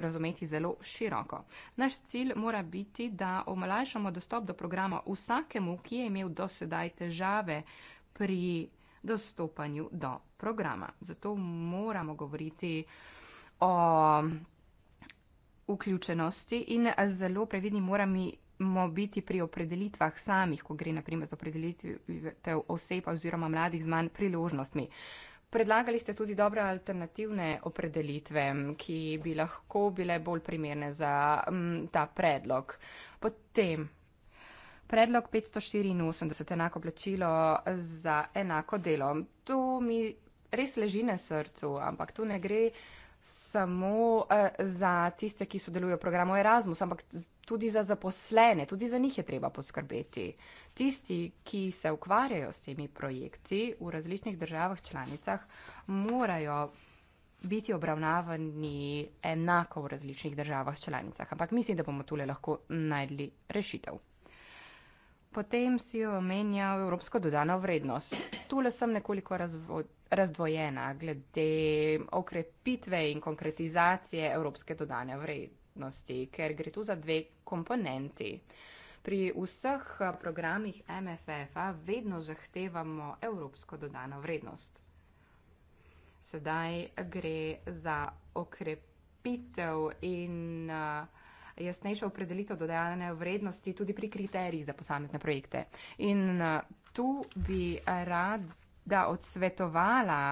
Speaker 4: razumeti zelo široko. Naš cilj mora biti, da omalajšamo dostop do programa vsakemu, ki je imel dosedaj težave pri dostopanju do programa. Zato moramo govoriti o vključenosti in zelo previdni morami biti pri opredelitvah samih, ko gre naprimer za opredelitev oseb oziroma mladih z manj priložnostmi. Predlagali ste tudi dobre alternativne opredelitve, ki bi lahko bile bolj primerne za m, mm, ta predlog. Potem. Predlog 584, enako plačilo za enako delo. To mi res leži na srcu, ampak tu ne gre samo eh, za tiste, ki sodelujo v programu Erasmus, ampak tudi za zaposlene, tudi za njih je treba poskrbeti. Tisti, ki se ukvarjajo s temi projekti v različnih državah članicah, morajo biti obravnavani enako v različnih državah članicah. Ampak mislim, da bomo tule lahko najdli rešitev. Potem si jo omenjal evropsko dodano vrednost. Tule sem nekoliko razdvojena glede okrepitve in konkretizacije evropske dodane vrednosti skupnosti, ker gre tu za dve komponenti. Pri vseh eh, programih MFF-a vedno zahtevamo evropsko dodano vrednost. Sedaj gre za okrepitev in eh, jasnejšo opredelitev dodane vrednosti tudi pri kriterijih za posamezne projekte. In eh, tu bi rada odsvetovala,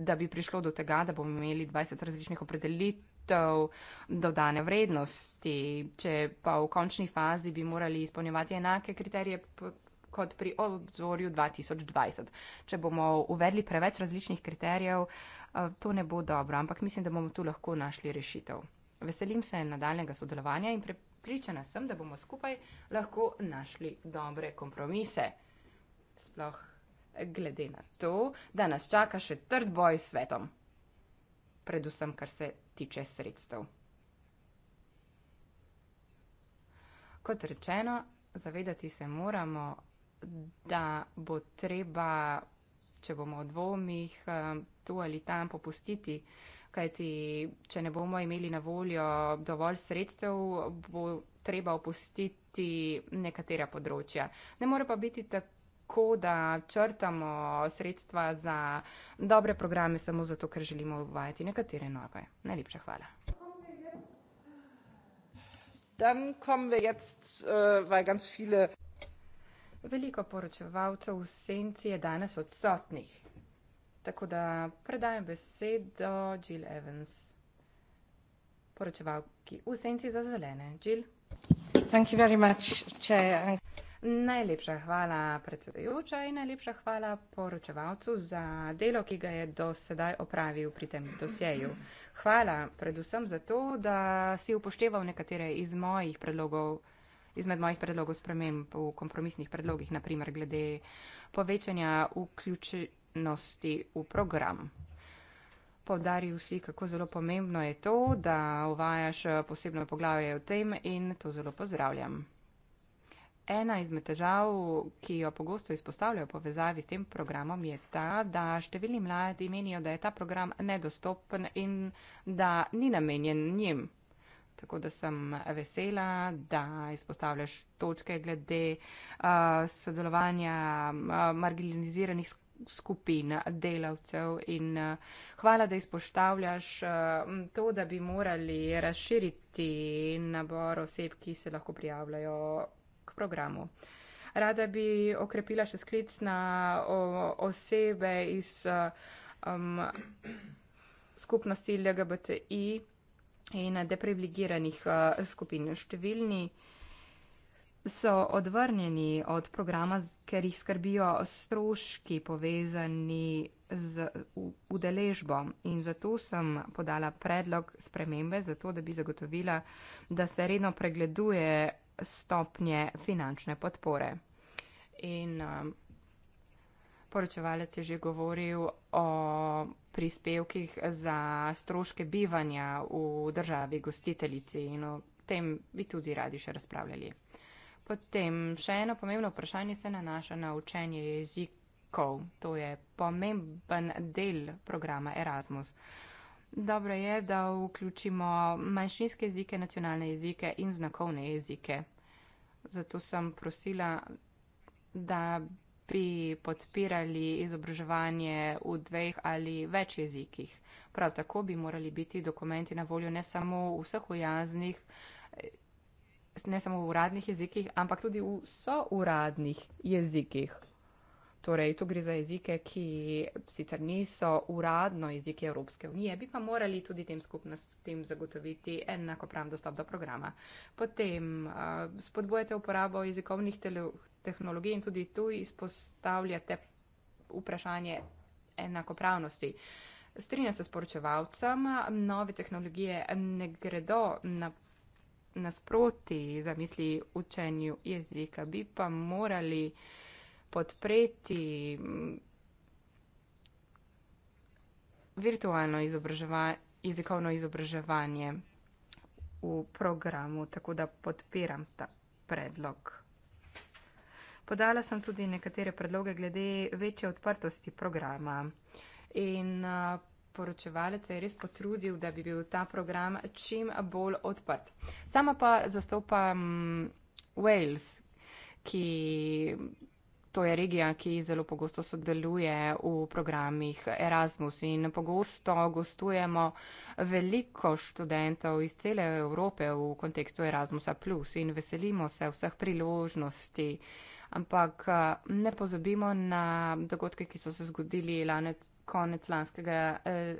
Speaker 4: da bi prišlo do tega, da bomo imeli 20 različnih opredelitev storitev, dodane vrednosti. Če pa v končni fazi bi morali izpolnjevati enake kriterije kot pri obzorju 2020. Če bomo uvedli preveč različnih kriterijev, eh, to ne bo dobro, ampak mislim, da bomo tu lahko našli rešitev. Veselim se nadaljnega sodelovanja in prepričana sem, da bomo skupaj lahko našli dobre kompromise. Sploh glede na to, da nas čaka še trd boj s svetom predvsem kar se tiče sredstev. Kot rečeno, zavedati se moramo, da bo treba, če bomo v dvomih, eh, tu ali tam popustiti, kajti če ne bomo imeli na voljo dovolj sredstev, bo treba opustiti nekatera področja. Ne more pa biti tako tako, da črtamo sredstva za dobre programe, samo zato, ker želimo uvajati nekatere nove. Najlepša hvala.
Speaker 2: Äh, Veliko
Speaker 4: poročevalcev v senci je danes odsotnih. Tako da predajam besedo Jill Evans, poročevalki v senci za zelene. Jill. Thank you very much, Chair. Najlepša hvala predsedujoča in najlepša hvala poročevalcu za delo, ki ga je do sedaj opravil pri tem dosjeju. Hvala predvsem za to, da si upošteval nekatere iz mojih predlogov, izmed mojih predlogov sprememb v kompromisnih predlogih, naprimer glede povečanja vključenosti v program. Povdaril si, kako zelo pomembno je to, da uvajaš posebno poglavje o tem in to zelo pozdravljam. Ena izmed težav, ki jo pogosto izpostavljajo v povezavi s tem programom, je ta, da številni mladi menijo, da je ta program nedostopen in da ni namenjen njim. Tako da sem vesela, da izpostavljaš točke glede uh, sodelovanja uh, marginaliziranih skupin delavcev in uh, hvala, da izpostavljaš uh, to, da bi morali razširiti nabor oseb, ki se lahko prijavljajo programu. Rada bi okrepila še sklic na o, osebe iz um, skupnosti LGBTI in deprivilegiranih uh, skupin. Številni so odvrnjeni od programa, ker jih skrbijo stroški povezani z udeležbo. In zato sem podala predlog spremembe, zato da bi zagotovila, da se redno pregleduje stopnje finančne podpore. In um, poročevalec je že govoril o prispevkih za stroške bivanja v državi gostiteljici in o tem bi tudi radi še razpravljali. Potem še eno pomembno vprašanje se nanaša na učenje jezikov. To je pomemben del programa Erasmus. Dobro je, da vključimo manjšinske jezike, nacionalne jezike in znakovne jezike. Zato sem prosila, da bi podpirali izobraževanje v dveh ali več jezikih. Prav tako bi morali biti dokumenti na voljo ne samo v vseh ujaznih, ne samo v uradnih jezikih, ampak tudi v souradnih jezikih. Torej, tu gre za jezike, ki sicer niso uradno jezike Evropske unije, bi pa morali tudi tem skupnostim zagotoviti enakopravn dostop do programa. Potem uh, spodbujate uporabo jezikovnih tehnologij in tudi tu izpostavljate vprašanje enakopravnosti. Strinja se s poročevalcem, nove tehnologije ne gredo na, nasproti zamisli učenju jezika, bi pa morali podpreti mm, virtualno izobraževanje, jezikovno izobraževanje v programu, tako da podpiram ta predlog. Podala sem tudi nekatere predloge glede večje odprtosti programa in poročevalec se je res potrudil, da bi bil ta program čim bolj odprt. Sama pa zastopam mm, Wales, ki To je regija, ki zelo pogosto sodeluje v programih Erasmus in pogosto gostujemo veliko študentov iz cele Evrope v kontekstu Erasmusa plus in veselimo se vseh priložnosti. Ampak ne pozabimo na dogodke, ki so se zgodili lanet, konec lanskega eh,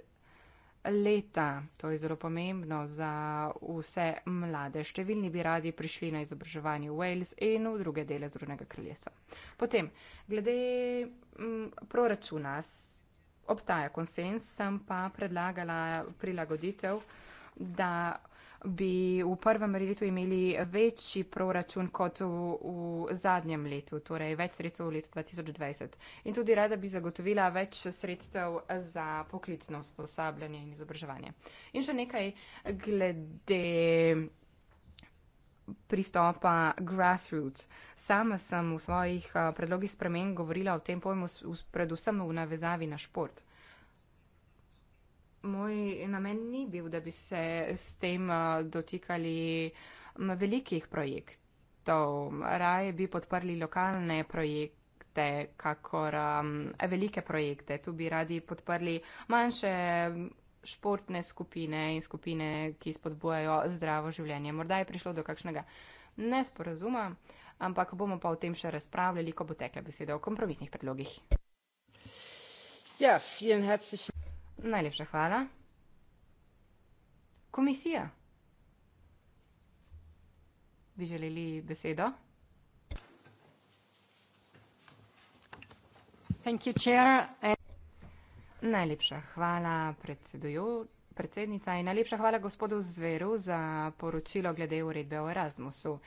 Speaker 4: leta. To je zelo pomembno za vse mlade. Številni bi radi prišli na izobraževanje v Wales in v druge dele Združenega kraljestva. Potem, glede m, mm, proračuna, obstaja konsens, sem pa predlagala prilagoditev, da bi v prvem letu imeli večji proračun kot v, v zadnjem letu, torej več sredstev v letu 2020. In tudi rada bi zagotovila več sredstev za poklicno usposabljanje in izobraževanje. In še nekaj glede pristopa grassroots. Sama sem v svojih eh, predlogih spremen govorila o tem pojmu, predvsem v navezavi na šport moj namen ni bil, da bi se s tem eh, dotikali velikih projektov. Raje bi podprli lokalne projekte kakor um, velike projekte. Tu bi radi podprli manjše športne skupine in skupine, ki spodbujajo zdravo življenje. Morda je prišlo do kakšnega nesporazuma, ampak bomo pa o tem še razpravljali, ko bo tekla beseda o kompromisnih predlogih. Ja, vielen herzlichen. Najlepša hvala. Komisija. Bi želeli besedo? Thank you, chair. Najlepša hvala, predsedujo, predsednica in najlepša hvala gospodu Zveru za poročilo glede uredbe o Erasmusu.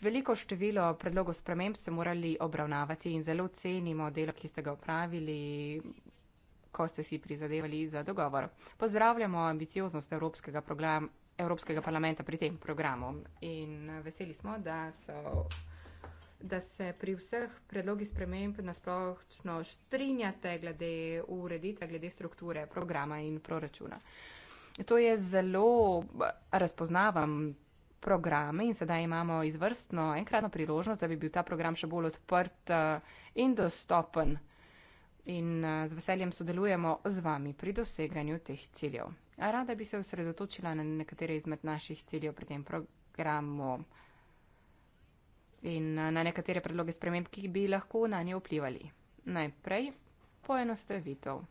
Speaker 4: Veliko število predlogov sprememb se morali obravnavati in zelo cenimo delo, ki ste ga upravili, ko ste si prizadevali za dogovor. Pozdravljamo ambicioznost Evropskega, program, Evropskega parlamenta pri tem programu in eh, veseli smo, da, so, da se pri vseh predlogih sprememb nasplošno strinjate glede uredite, glede strukture programa in proračuna. To je zelo eh, razpoznavam programe in sedaj imamo izvrstno enkratno priložnost, da bi bil ta program še bolj odprt eh, in dostopen in z veseljem sodelujemo z vami pri doseganju teh ciljev. Rada bi se osredotočila na nekatere izmed naših ciljev pri tem programu in na nekatere predloge sprememb, ki bi lahko na nje vplivali. Najprej poenostavitev.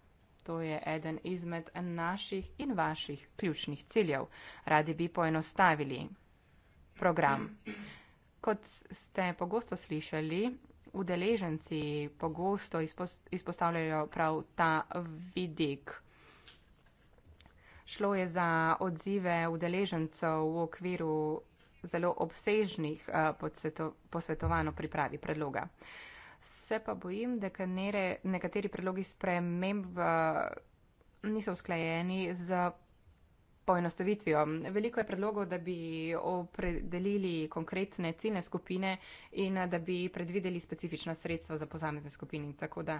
Speaker 4: To je eden izmed naših in vaših ključnih ciljev. Radi bi poenostavili program. Kot ste pogosto slišali, udeleženci pogosto izpostavljajo prav ta vidik. Šlo je za odzive udeležencev v okviru zelo obsežnih eh, posvetovanj o pripravi predloga. Se pa bojim, da nekateri predlogi sprememb eh, niso usklajeni z poenostavitvijo. Veliko je predlogov, da bi opredelili konkretne ciljne skupine in da bi predvideli specifična sredstva za posamezne skupine. Tako da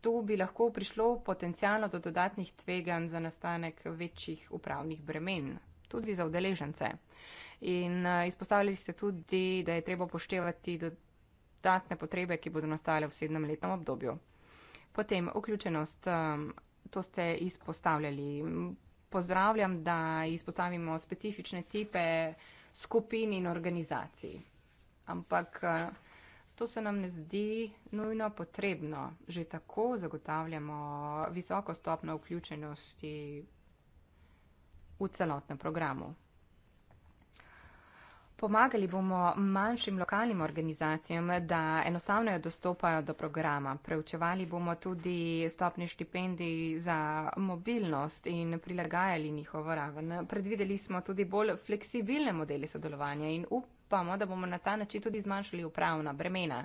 Speaker 4: tu bi lahko prišlo potencijalno do dodatnih tveganj za nastanek večjih upravnih bremen, tudi za udeležence. In izpostavljali ste tudi, da je treba poštevati dodatne potrebe, ki bodo nastale v sedmem letnem obdobju. Potem, vključenost, to ste izpostavljali pozdravljam, da izpostavimo specifične tipe skupin in organizacij. Ampak eh, to se nam ne zdi nujno potrebno. Že tako zagotavljamo visoko stopno vključenosti v celotnem programu. Pomagali bomo manjšim lokalnim organizacijam, da enostavno dostopajo do programa. Preučevali bomo tudi stopne štipendij za mobilnost in prilagajali njihovo raven. Predvideli smo tudi bolj fleksibilne modele sodelovanja in upamo, da bomo na ta način tudi zmanjšali upravna bremena.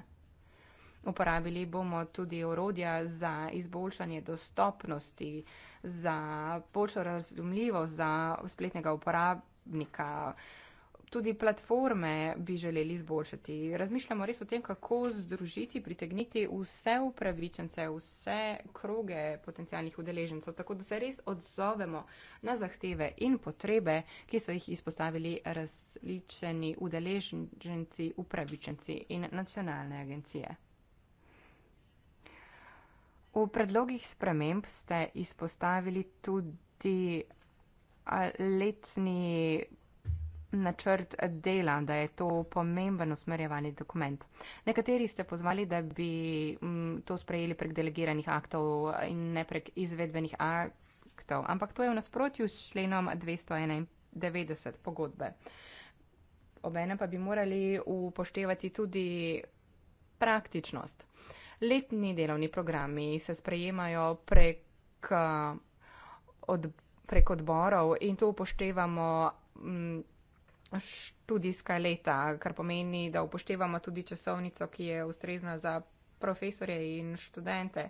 Speaker 4: Uporabili bomo tudi orodja za izboljšanje dostopnosti, za boljšo razumljivost za spletnega uporabnika tudi platforme bi želeli izboljšati. Razmišljamo res o tem, kako združiti, pritegniti vse upravičence, vse kroge potencijalnih udeležencev, tako da se res odzovemo na zahteve in potrebe, ki so jih izpostavili različni udeleženci, upravičenci in nacionalne agencije. V predlogih sprememb ste izpostavili tudi letni načrt dela, da je to pomemben usmerjevalni dokument. Nekateri ste pozvali, da bi mm, to sprejeli prek delegiranih aktov in ne prek izvedbenih aktov, ampak to je v nasprotju s členom 291 pogodbe. Obenem pa bi morali upoštevati tudi praktičnost. Letni delovni programi se sprejemajo prek, eh, od, prek odborov in to upoštevamo mm, študijska leta, kar pomeni, da upoštevamo tudi časovnico, ki je ustrezna za profesorje in študente.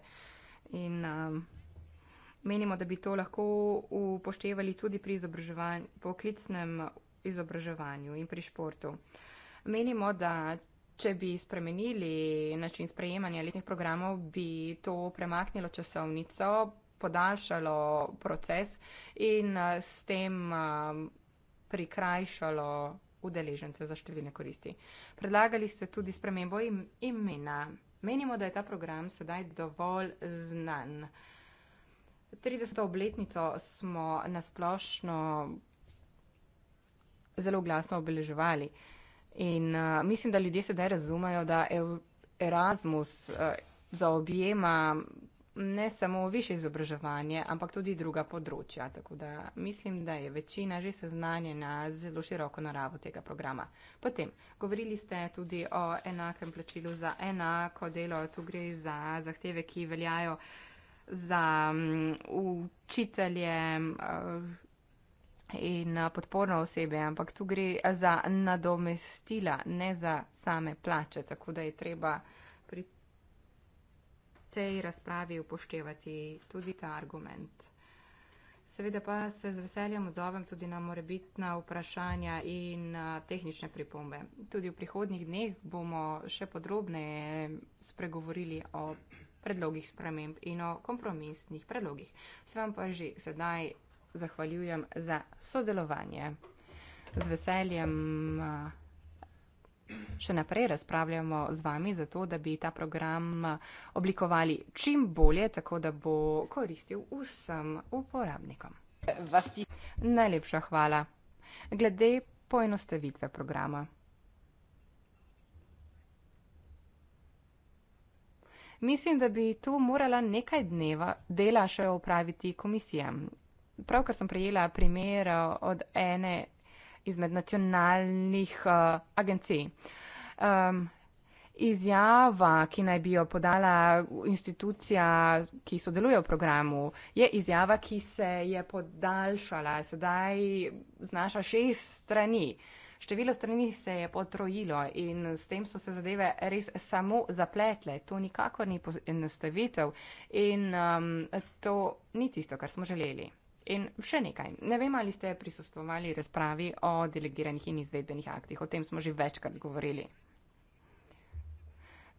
Speaker 4: In um, menimo, da bi to lahko upoštevali tudi pri poklicnem izobraževanju in pri športu. Menimo, da če bi spremenili način sprejemanja letnih programov, bi to premaknilo časovnico, podaljšalo proces in uh, s tem. Uh, prikrajšalo udeležence za številne koristi. Predlagali ste tudi spremembo imena. Menimo, da je ta program sedaj dovolj znan. 30. obletnico smo nasplošno zelo glasno obeleževali in uh, mislim, da ljudje sedaj razumejo, da Erasmus uh, zaobjema ne samo više izobraževanje, ampak tudi druga področja. Tako da mislim, da je večina že seznanjena z zelo široko naravo tega programa. Potem, govorili ste tudi o enakem plačilu za enako delo, tu gre za zahteve, ki veljajo za mm, učitelje eh, in eh, podporno osebe, ampak tu gre za nadomestila, ne za same plače. Tako da je treba tej razpravi upoštevati tudi ta argument. Seveda pa se z veseljem odzovem tudi na morebitna vprašanja in tehnične pripombe. Tudi v prihodnjih dneh bomo še podrobneje spregovorili o predlogih sprememb in o kompromisnih predlogih. Se vam pa že sedaj zahvaljujem za sodelovanje. Z veseljem. Uh, še naprej razpravljamo z vami, zato da bi ta program eh, oblikovali čim bolje, tako da bo koristil vsem uporabnikom. Vasti. Najlepša hvala. Glede poenostavitve programa. Mislim, da bi tu morala nekaj dneva dela še opraviti komisija. Pravkar sem prejela primer eh, od ene izmed nacionalnih uh, agencij. Um, izjava, ki naj bi jo podala institucija, ki sodeluje v programu, je izjava, ki se je podaljšala, sedaj znaša šest strani. Število strani se je potrojilo in s tem so se zadeve res samo zapletle. To nikakor ni enostavitev in um, to ni tisto, kar smo želeli. In še nekaj, ne vem, ali ste prisustovali razpravi o delegiranih in izvedbenih aktih, o tem smo že večkrat govorili.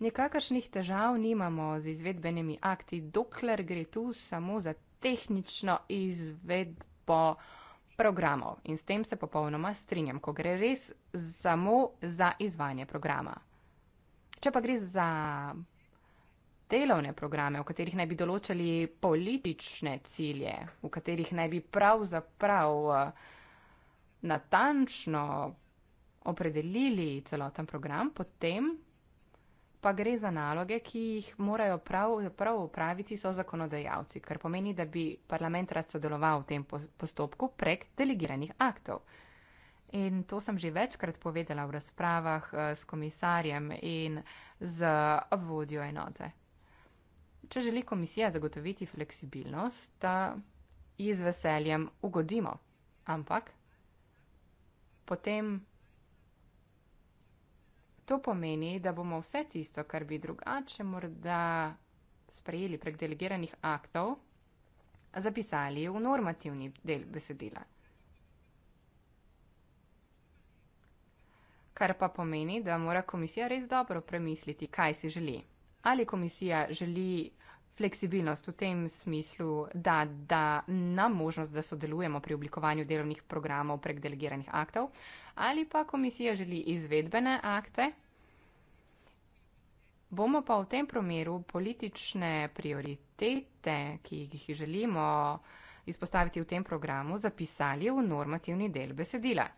Speaker 4: Nekakršnih težav nimamo z izvedbenimi akti, dokler gre tu samo za tehnično izvedbo programov. In s tem se popolnoma strinjam, ko gre res samo za izvajanje programa. Če pa gre za delovne programe, v katerih naj bi določali politične cilje, v katerih naj bi pravzaprav eh, natančno opredelili celoten program, potem pa gre za naloge, ki jih morajo prav upraviti so zakonodajalci, kar pomeni, da bi parlament rad sodeloval v tem postopku prek delegiranih aktov. In to sem že večkrat povedala v razpravah eh, s komisarjem in z vodjo enote če želi komisija zagotoviti fleksibilnost, da ji z veseljem ugodimo, ampak potem to pomeni, da bomo vse tisto, kar bi drugače morda sprejeli prek delegiranih aktov, zapisali v normativni del besedila. Kar pa pomeni, da mora komisija res dobro premisliti, kaj si želi. Ali komisija želi fleksibilnost v tem smislu, da, da nam možnost, da sodelujemo pri oblikovanju delovnih programov prek delegiranih aktov, ali pa komisija želi izvedbene akte. Bomo pa v tem primeru politične prioritete, ki jih želimo izpostaviti v tem programu, zapisali v normativni del besedila.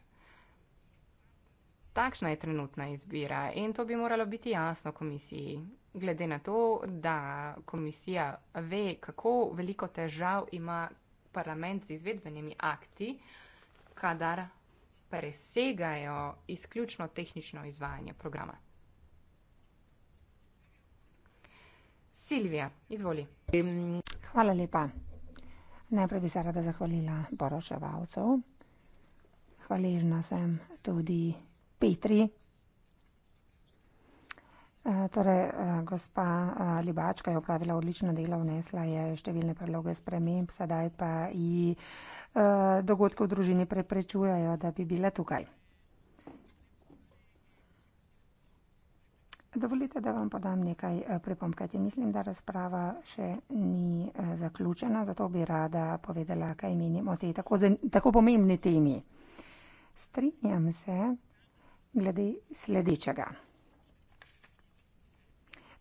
Speaker 4: Takšna je trenutna izbira in to bi moralo biti jasno komisiji glede na to, da komisija ve, kako veliko težav ima parlament z izvedbenimi akti, kadar presegajo izključno tehnično izvajanje programa. Silvija, izvoli.
Speaker 1: Hvala lepa. Najprej bi se rada zahvalila poročevalcu. Hvaležna sem tudi Petri, Eh, torej, eh, gospa eh, Libačka je opravila odlično delo, vnesla je številne predloge sprememb, sedaj pa ji dogodke v družini preprečujajo, da bi bila tukaj. Dovolite, da vam podam nekaj pripomb, kajti mislim, da razprava še ni zaključena, zato bi rada povedala, kaj menim o tej tako, tako pomembni temi. Strinjam se glede sledečega.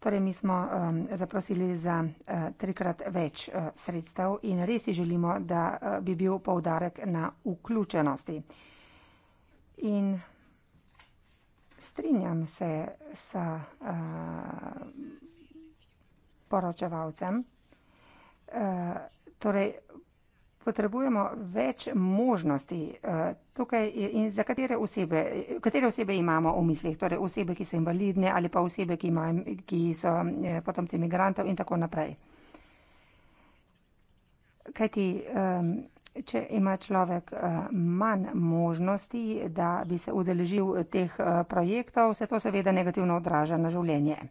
Speaker 1: Torej, mi smo um, zaprosili za uh, trikrat več uh, sredstev in res si želimo, da uh, bi bil poudarek na vključenosti. In strinjam se s uh, poročevalcem. Uh, torej, potrebujemo več možnosti eh, tukaj in za katere osebe, katere osebe imamo v mislih, torej osebe, ki so invalidne ali pa osebe, ki, imajo, ki so eh, potomci imigrantov in tako naprej. Kajti, ehm, če ima človek eh, manj možnosti, da bi se udeležil teh projektov, se to seveda negativno odraža na življenje.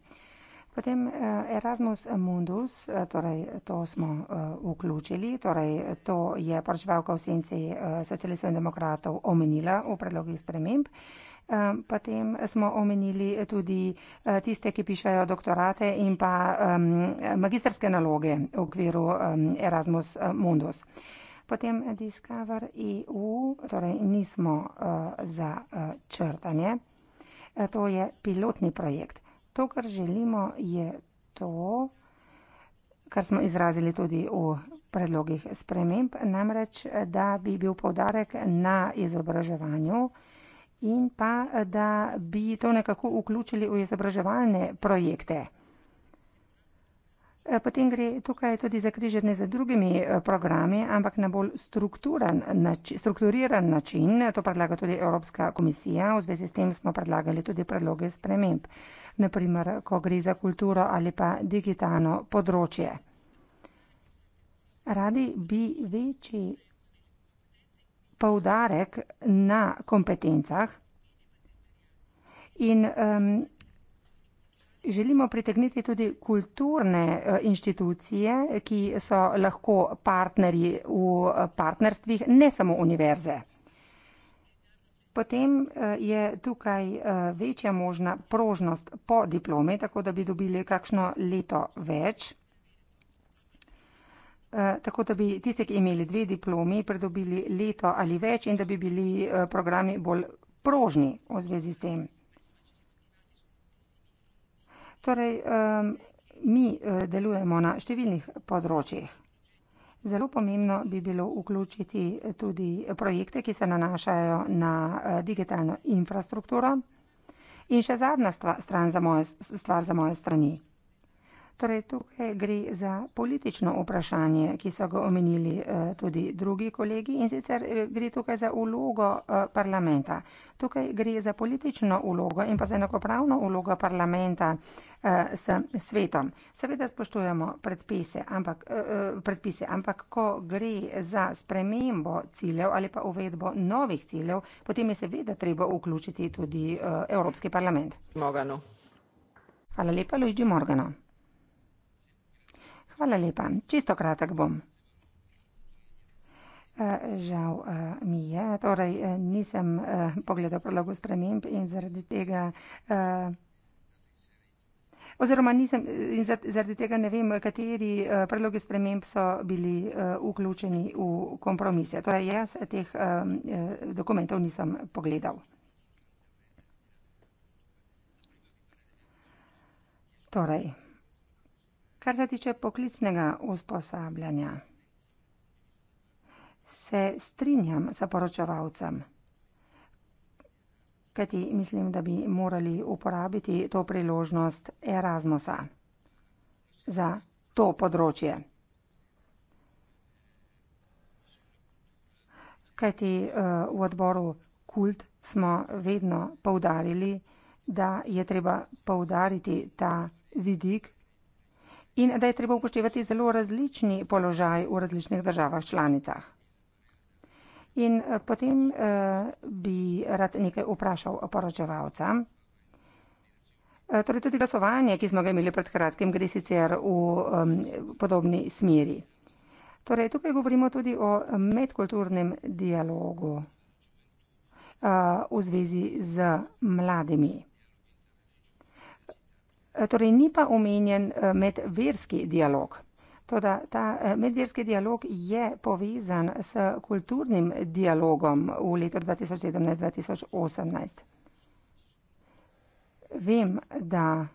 Speaker 1: Potem eh, Erasmus Mundus, eh, torej to smo eh, vključili, torej to je poročevalka v senci socialistov in demokratov omenila v predlogih sprememb. Potem smo omenili tudi tiste, ki pišajo doktorate in pa magistrske naloge v okviru Erasmus Mundus. Potem Discover EU, torej nismo za črtanje. To je pilotni projekt. To, kar želimo, je to, kar smo izrazili tudi v predlogih sprememb, namreč, da bi bil povdarek na izobraževanju in pa, da bi to nekako vključili v izobraževalne projekte. Eh, potem gre tukaj tudi za križanje z drugimi eh, programi, ampak na bolj strukturan način, strukturiran način, to predlaga tudi Evropska komisija, v zvezi s tem smo predlagali tudi predloge sprememb, naprimer, ko gre za kulturo ali pa digitalno področje. Radi bi večji poudarek na kompetencah in um, želimo pritegniti tudi kulturne eh, inštitucije, ki so lahko partnerji v eh, partnerstvih, ne samo univerze. Potem eh, je tukaj večja možna prožnost po diplomi, tako da bi dobili kakšno leto več. Tako da bi tisti, ki imeli dve diplomi, pridobili leto ali več in da bi bili programi bolj prožni v zvezi s tem. Torej, um, mi eh, delujemo na številnih področjih. Zelo pomembno bi bilo vključiti eh, tudi projekte, ki se nanašajo na eh, digitalno infrastrukturo. In še zadnja stvar za moje, stvar za moje strani. Torej, tukaj gre za politično vprašanje, ki so ga omenili eh, tudi drugi kolegi in sicer eh, gre tukaj za ulogo eh, parlamenta. Tukaj gre za politično ulogo in pa za enakopravno ulogo parlamenta s svetom. Seveda spoštujemo predpise, ampak, predpise, ampak ko gre za spremembo ciljev ali pa uvedbo novih ciljev, potem je seveda treba vključiti tudi Evropski parlament. Morgano. Hvala lepa, Luigi Morgano. Hvala lepa, čisto kratek bom. Eh, žal eh, mi je, torej eh, nisem pogledal predlogu sprememb in zaradi tega. Oziroma, nisem in zaradi tega ne vem, kateri predlogi sprememb so bili vključeni v kompromise. Torej, jaz teh dokumentov nisem pogledal. Torej. Kar se tiče poklicnega usposabljanja, se strinjam sa poročevalcem, kajti mislim, da bi morali uporabiti to priložnost Erasmusa za to področje. Kajti eh, v odboru Kult smo vedno poudarili, da je treba poudariti ta vidik in da je treba upoštevati zelo različni položaj v različnih državah članicah. In eh, potem eh, bi rad nekaj vprašal poročevalca. Eh, torej tudi glasovanje, ki smo ga imeli pred kratkim, gre sicer v podobni smeri. Torej, tukaj govorimo tudi o medkulturnem dialogu uh, v zvezi z mladimi. Eh, torej ni pa omenjen eh, medverski dialog. Toda ta eh, medverski dialog je povezan s kulturnim dialogom v letu 2017-2018. Vem, da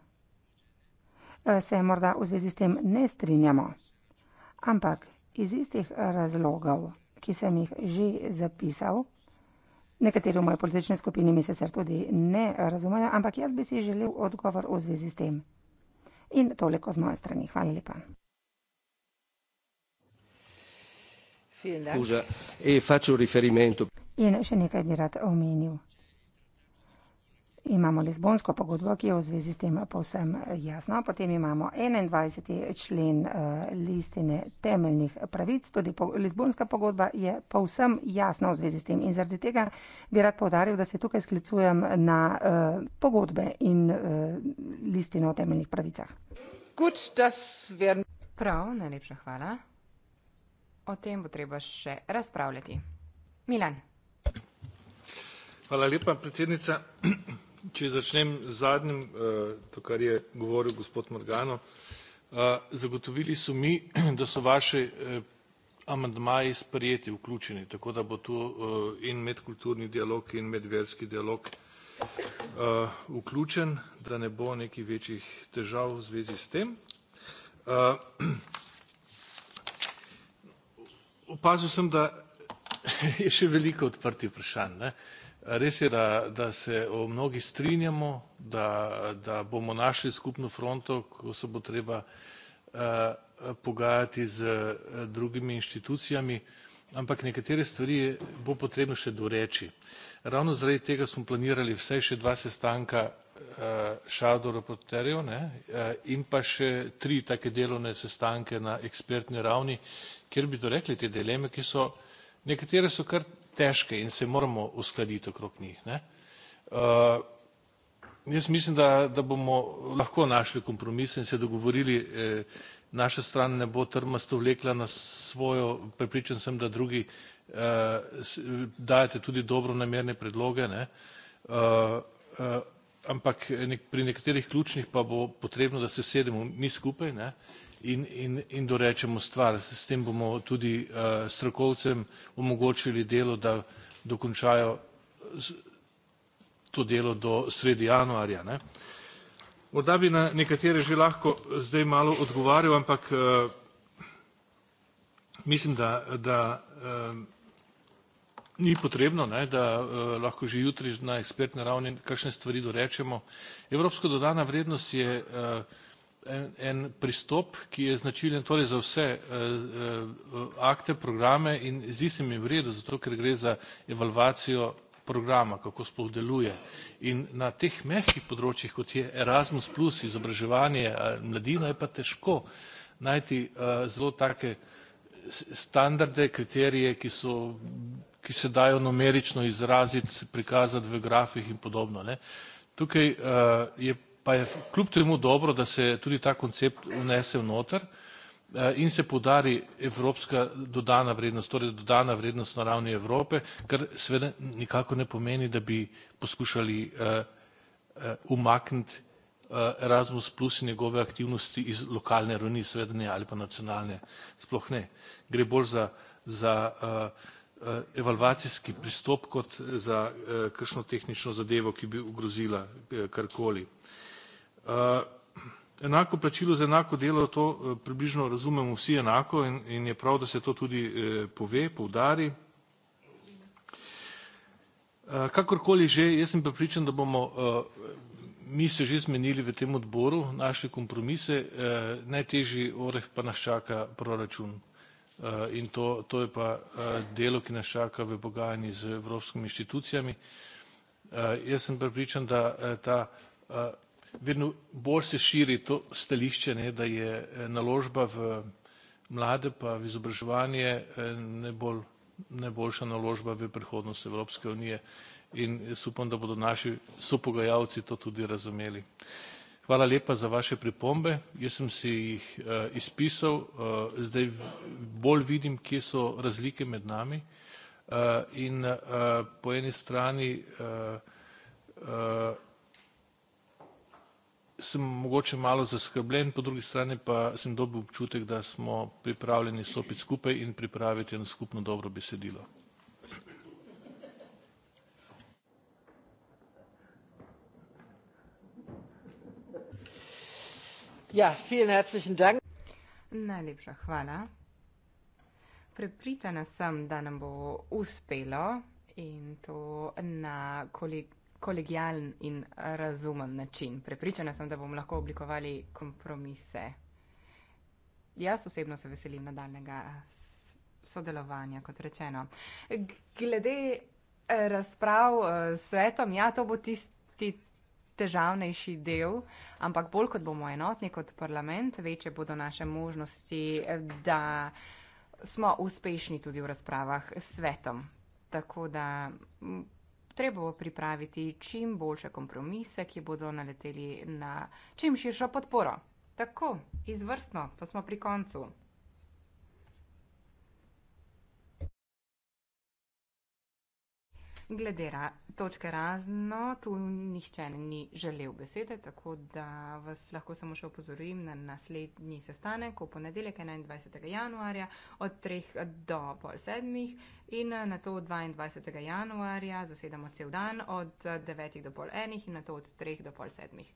Speaker 1: se morda v zvezi s tem ne strinjamo, ampak iz istih razlogov, ki sem jih že zapisal, Nekateri v moje politične skupine mi se sicer tudi ne razumejo, ampak jaz bi si želel odgovor v zvezi s tem. In toliko z moje strani. Hvala lepa. E In še nekaj bi rad omenil. Imamo Lizbonsko pogodbo, ki je v zvezi s tem povsem jasna. Potem imamo 21. člen eh, listine temeljnih pravic. Tudi Lizbonska pogodba je povsem jasna v zvezi s tem. In zaradi tega bi rad povdaril, da se tukaj sklicujem na eh, pogodbe in eh, listino o temeljnih pravicah.
Speaker 4: Gut, Prav, najlepša hvala. O tem bo treba še razpravljati. Milan.
Speaker 3: Hvala lepa, predsednica če začnem z zadnjim, eh, to, kar je govoril gospod Morgano. Eh, zagotovili so mi, da so vaše eh, amandmaji sprejeti, vključeni, tako da bo tu in medkulturni dialog in medverski dialog vključen, da ne bo nekih večjih težav v zvezi s tem. Opazil sem, da je še veliko odprtih vprašanj, ne. Res je, da, da se o mnogi strinjamo, da, da bomo našli skupno fronto, ko se bo treba eh, pogajati z eh, drugimi inštitucijami, ampak nekatere stvari bo potrebno še doreči. Ravno zaradi tega smo planirali vse še dva sestanka šado eh, reporterjev ne, in pa še tri take delovne sestanke na ekspertni ravni, kjer bi dorekli te dileme, ki so, nekatere so kar težke in se moramo uskladiti okrog njih. Ne? Uh, jaz mislim, da, da bomo lahko našli kompromise in se dogovorili, eh, naša stran ne bo trmasto vlekla na svojo, prepričan sem, da drugi eh, dajete tudi dobro namerne predloge, ne? Eh, ampak pri nekaterih ključnih pa bo potrebno, da se sedemo mi skupaj ne? in, in, in dorečemo stvar. S tem bomo tudi uh, strokovcem omogočili delo, da dokončajo to delo do sredi januarja. Ne? Morda bi na nekatere že lahko zdaj malo odgovarjal, ampak uh, mislim, da, da uh, ni potrebno, ne, da uh, lahko že jutri na ekspertni ravni kakšne stvari dorečemo. Evropsko dodana vrednost je uh, en, en pristop, ki je značilen torej za vse eh, eh, akte, programe in zdi se mi v redu, zato ker gre za evalvacijo programa, kako sploh deluje. In na teh mehkih področjih, kot je Erasmus, plus, izobraževanje eh, mladina, je pa težko najti eh, zelo take standarde, kriterije, ki so ki se dajo numerično izraziti, prikazati v grafih in podobno. Ne. Tukaj uh, je pa je kljub temu dobro, da se tudi ta koncept vnese noter eh, in se podari evropska dodana vrednost, torej dodana vrednost na ravni Evrope, kar seveda nikako ne pomeni, da bi poskušali eh, eh, umakniti Erasmus plus in njegove aktivnosti iz lokalne ravni svedanja ali pa nacionalne, sploh ne. Gre bolj za, za evalvacijski pristop kot za kakšno tehnično zadevo, ki bi ogrozila karkoli. Eh, enako plačilo za enako delo, to eh, približno razumemo vsi enako in, in je prav, da se to tudi eh, pove, poudari. Kakorkoli že, jaz sem prepričan, da bomo, mi se že zmenili v tem odboru, našli kompromise, najtežji oreh pa nas čaka proračun. In to, to je pa delo, ki nas čaka v pogajanji z evropskimi inštitucijami. Jaz sem prepričan, da ta vedno bolj se širi to stališče, ne, da je eh, naložba v mlade pa v izobraževanje eh, najbolj, najboljša naložba v prihodnost Evropske unije in jaz upam, da bodo naši sopogajalci to tudi razumeli. Hvala lepa za vaše pripombe, jaz sem si jih uh, izpisal, uh, zdaj bolj vidim, kje so razlike med nami uh, in uh, po eni strani uh, uh, sem mogoče malo zaskrbljen, po drugi strani pa sem dobil občutek, da smo pripravljeni stopiti skupaj in pripraviti eno skupno dobro besedilo.
Speaker 2: Ja, vielen herzlichen Dank.
Speaker 4: Najlepša hvala. Prepričana sem, da nam bo uspelo in to na kolik kolegijalen in razumen način. Prepričana sem, da bomo lahko oblikovali kompromise. Jaz osebno se veselim nadaljnega sodelovanja, kot rečeno. Glede eh, razprav eh, s svetom, ja, to bo tisti težavnejši del, ampak bolj kot bomo enotni kot parlament, večje bodo naše možnosti, eh, da smo uspešni tudi v razpravah s svetom. Tako da treba bo pripraviti čim boljše kompromise, ki bodo naleteli na čim širšo podporo. Tako, izvrstno, pa smo pri koncu. Glede točke razno, tu nihče ni želel besede, tako da vas lahko samo še opozorim na naslednji sestanek v ponedeljek 21. januarja od 3 do pol sedmih in na to 22. januarja zasedamo cel dan od 9 eh, do pol enih in na to od 3 do pol sedmih.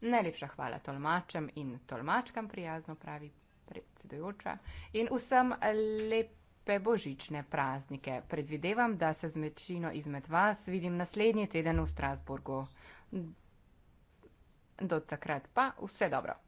Speaker 4: Najlepša hvala tolmačem in tolmačkam, prijazno pravi predsedujoča in vsem lepo pa božične praznike. Predvidevam, da se z večino izmed vas vidim naslednji teden v Strasburgu. Do takrat pa vse dobro.